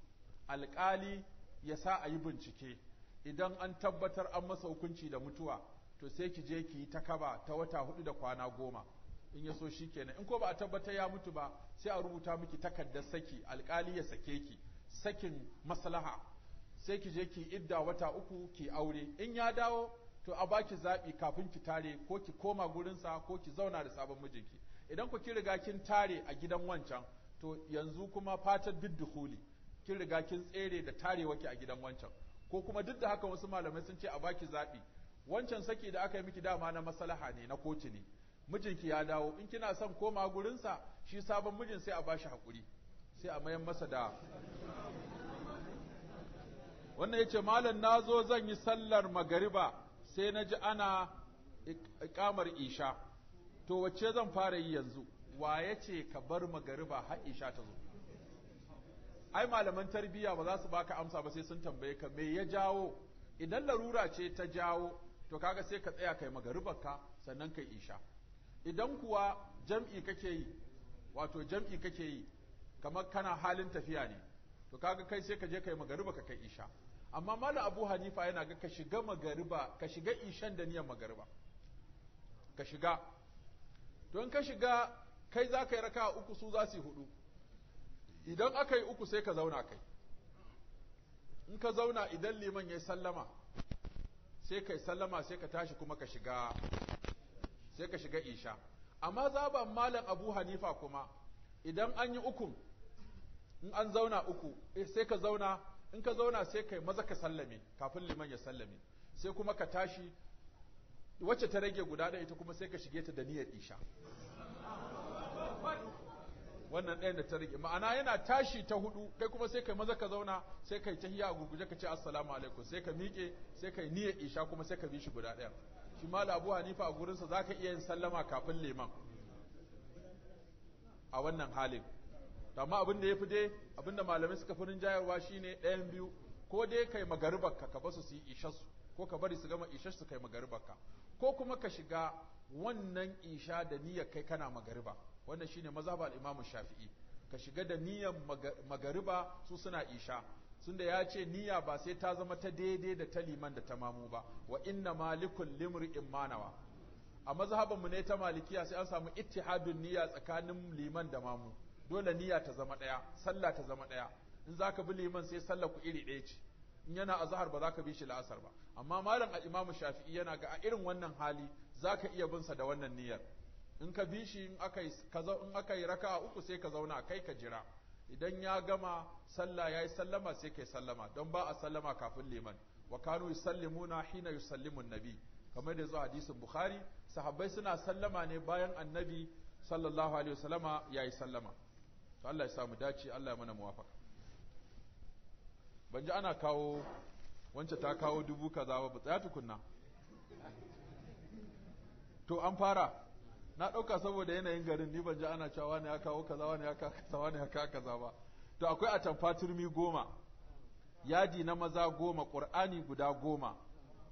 Speaker 1: alƙali ya sa a yi bincike idan an tabbatar an masa hukunci da mutuwa to sai ki je ki yi ta kaba ta wata hudu da kwana goma in ya so shi kenan in ko ba a tabbatar ya mutu ba sai a rubuta miki takardar saki alƙali ya sake ki sakin maslaha sai ki je ki idda wata uku ki aure in ya dawo to a baki zaɓi kafin ki tare ko ki koma gurinsa ko ki zauna da sabon mijinki idan ku ki riga kin tare a gidan wancan to yanzu kuma fatar biddukuli kin riga kin tsere da tarewa ki a gidan wancan ko kuma duk da haka wasu malamai sun ce a baki zaɓi wancan saki da aka yi miki dama na maslaha ne na koki ne mijinki ya dawo in kina son koma gurinsa shi sabon mijin sai a bashi hakuri sai a mayan masa da wannan ya ce malam na zo zan yi sallar magariba sai na ji ana ikamar isha to wacce zan fara yi yanzu wa ya ce ka bar magariba har isha ta zo ai malaman tarbiyya ba za su baka amsa ba sai sun tambaye ka me ya jawo idan larura ce ta jawo to kaga sai ka tsaya kai ka sannan kai isha idan kuwa jam'i kake yi wato jam'i kake yi kamar kana halin tafiya ne to kaga kai sai ka je kai magariba ka kai isha amma malam abu hanifa yana ga ka shiga magariba ka shiga ishan da niyan magariba ka shiga don ka shiga kai za ka yi raka uku su za su yi hudu idan aka yi uku sai ka zauna kai in ka zauna idan liman ya yi sallama sai ka yi sallama sai ka tashi kuma ka shiga sai ka shiga isha amma zaban malam abu hanifa kuma idan an yi ukun in an zauna uku eh, sai ka zauna in ka zauna sai kai maza ka sallame kafin liman ya sallame sai kuma ka tashi wacce ta rage guda da ita kuma sai ka shige ta da niyyar isha wannan ɗayan da ta rage ma'ana yana tashi ta hudu kai kuma sai kai maza ka zauna sai kai ta a gurguje ka ce assalamu alaikum sai ka miƙe sai kai niyyar isha kuma sai ka bi shi guda ɗaya shi mala abu hanifa a gurinsa za ka iya yin sallama kafin liman a wannan halin amma abin da ya fi dai abin da malamai suka fi rinjayarwa shine ɗayan biyu ko dai kai magaribarka ka basu su yi ishasu ko ka bari su gama ishasu su kai magaribarka ko kuma ka shiga wannan isha da niyyar kai kana magariba wannan shine mazhab al-imam shafi'i ka shiga da niyyar magariba su suna isha sun ya ce niyya ba sai ta zama ta daidai da ta liman da ta mamu ba wa inna malikul limri'in manawa a mazhabanmu ne ta malikiya sai an samu ittihadun niyya tsakanin liman da mamu dole niyya ta zama ɗaya sallah ta zama ɗaya in zaka bi liman sai sallah ku iri ɗaya ce in yana azhar ba ka bi shi la'asar ba amma malam al-imam shafi'i yana ga a irin wannan hali za ka iya bin sa da wannan niyyar in ka bi shi in aka in aka yi raka'a uku sai ka zauna kai ka jira idan ya gama sallah yayi sallama sai kai sallama don ba a sallama kafin liman wa kanu yusallimuna hina yusallimun nabi kamar da zuwa hadisin bukhari sahabbai suna sallama ne bayan annabi sallallahu alaihi wasallama yayi sallama to Allah ya samu dace Allah ya mana muwafaka ban ji ana kawo wancan ta kawo dubu kaza ba tsaya tukunna to an fara na ɗauka saboda yanayin garin ni ban ji ana cewa wani ya kawo kaza wani ya kawo kaza wani ya kawo kaza ba to akwai atamfa turmi goma yadi na maza goma ƙur'ani guda goma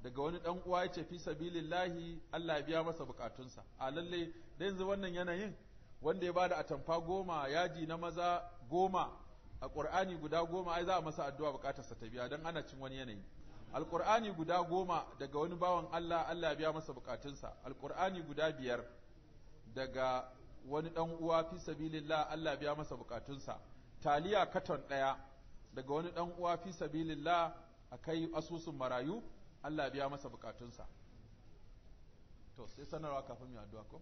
Speaker 1: daga wani ɗan uwa ya ce fi sabilillahi Allah ya biya masa bukatunsa a lalle da yanzu wannan yanayin wanda ya bada atamfa goma yaji na maza goma a ƙur'ani guda goma ai za a masa addu'a bukatarsa ta biya don ana cin wani yanayi alƙur'ani guda goma daga wani bawan Allah Allah ya biya masa buƙatunsa. alƙur'ani guda biyar daga wani ɗan uwa fi sabilillah Allah ya biya masa buƙatunsa. taliya katon ɗaya daga wani ɗan uwa fi sabilillah akai asusun marayu Allah ya biya masa buƙatunsa. to sai sanarwa kafin mu addu'a ko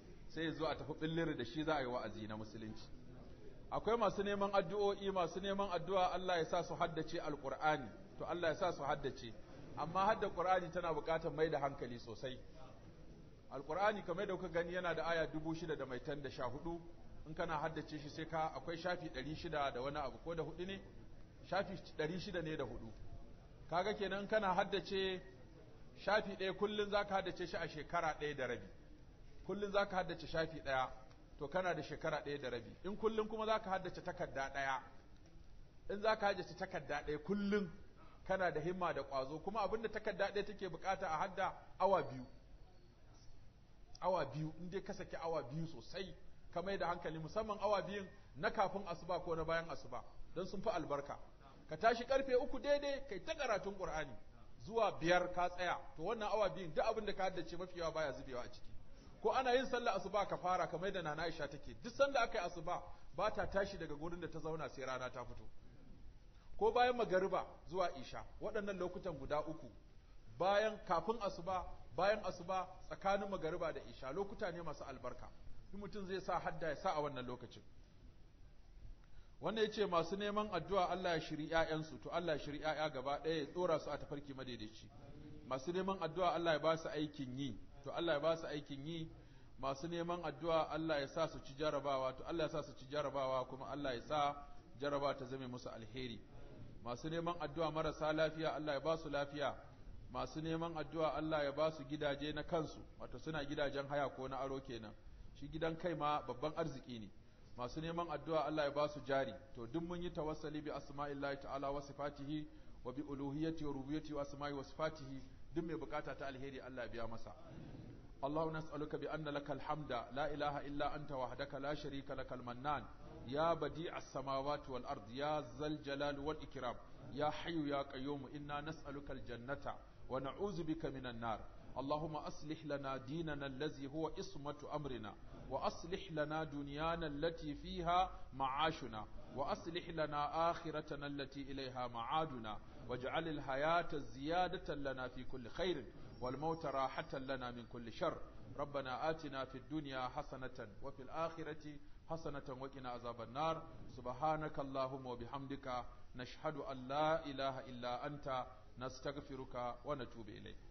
Speaker 1: sai zo a tafi billir da shi za a yi wa'azi na musulunci akwai masu neman addu'o'i masu neman addu'a Allah ya sa su haddace alqur'ani to Allah ya sa su haddace amma hadda qur'ani tana buƙatar mai da hankali sosai alqur'ani kamar da kuka gani yana da aya 6,014 in kana haddace shi sai ka akwai shafi 600 da wani abu ko da hudu ne shafi 600 ne da hudu kaga kenan kana haddace shafi ɗaya kullum za ka haddace shi a shekara ɗaya da rabi kullun ka haddace shafi ɗaya to kana da shekara ɗaya da rabi in kullun kuma za ka haddace takarda ɗaya in za ka haddace takarda ɗaya kullum kana da himma da ƙwazo kuma abinda takarda ɗaya take bukata a hadda awa biyu awa biyu in dai ka saki awa biyu sosai ka mai da hankali musamman awa biyun na kafin asuba ko na bayan asuba don sun fi albarka ka tashi karfe uku daidai kai ta karatun qur'ani zuwa biyar ka tsaya to wannan awa biyun duk abin da ka haddace mafi yawa baya zubewa a ciki ko ana yin sallar asuba ka fara kamar yadda nana Aisha take duk sanda aka yi asuba ba ta tashi daga gurin da ta zauna sai rana ta fito ko bayan magariba zuwa isha waɗannan lokutan guda uku bayan kafin asuba bayan asuba tsakanin magariba da isha lokuta ne masu albarka in mutum zai sa hadda ya sa a wannan lokacin wannan yace masu neman addu'a Allah ya shiri 'ya'yansu, to Allah ya shiri ƴaƴa gaba ɗaya ya tsora su a tafarki madaidaici masu neman addu'a Allah ya ba su aikin yi to Allah ya ba su aikin yi masu neman addu'a Allah ya sa su ci jarabawa to Allah ya sa su ci jarabawa kuma Allah ya sa jaraba ta zame musu alheri masu neman addu'a marasa lafiya Allah ya ba su lafiya masu neman addu'a Allah ya ba su gidaje na kansu wato suna gidajen haya ko na aro kenan shi gidan kai ma babban arziki ne masu neman addu'a Allah ya ba su jari to duk mun yi tawassali bi asma'illahi ta'ala wa Fatihi wa bi uluhiyyati wa rububiyyati wa asma'i wa sifatihi duk mai bukata ta alheri Allah biya masa Allah nas'aluka bi anna lakal hamda la ilaha illa anta wahdaka la sharika lakal mannan ya badi as samawati wal ard ya zal jalal wal ikram ya hayyu ya kayo qayyum inna nas'aluka al jannata wa na'uzu bika minan nar اللهم أصلح لنا ديننا الذي هو إصمة أمرنا وأصلح لنا دنيانا التي فيها معاشنا وأصلح لنا آخرتنا التي إليها معادنا واجعل الحياة زيادة لنا في كل خير والموت راحة لنا من كل شر ربنا آتنا في الدنيا حسنة وفي الآخرة حسنة وقنا عذاب النار سبحانك اللهم وبحمدك نشهد أن لا إله إلا أنت نستغفرك ونتوب إليك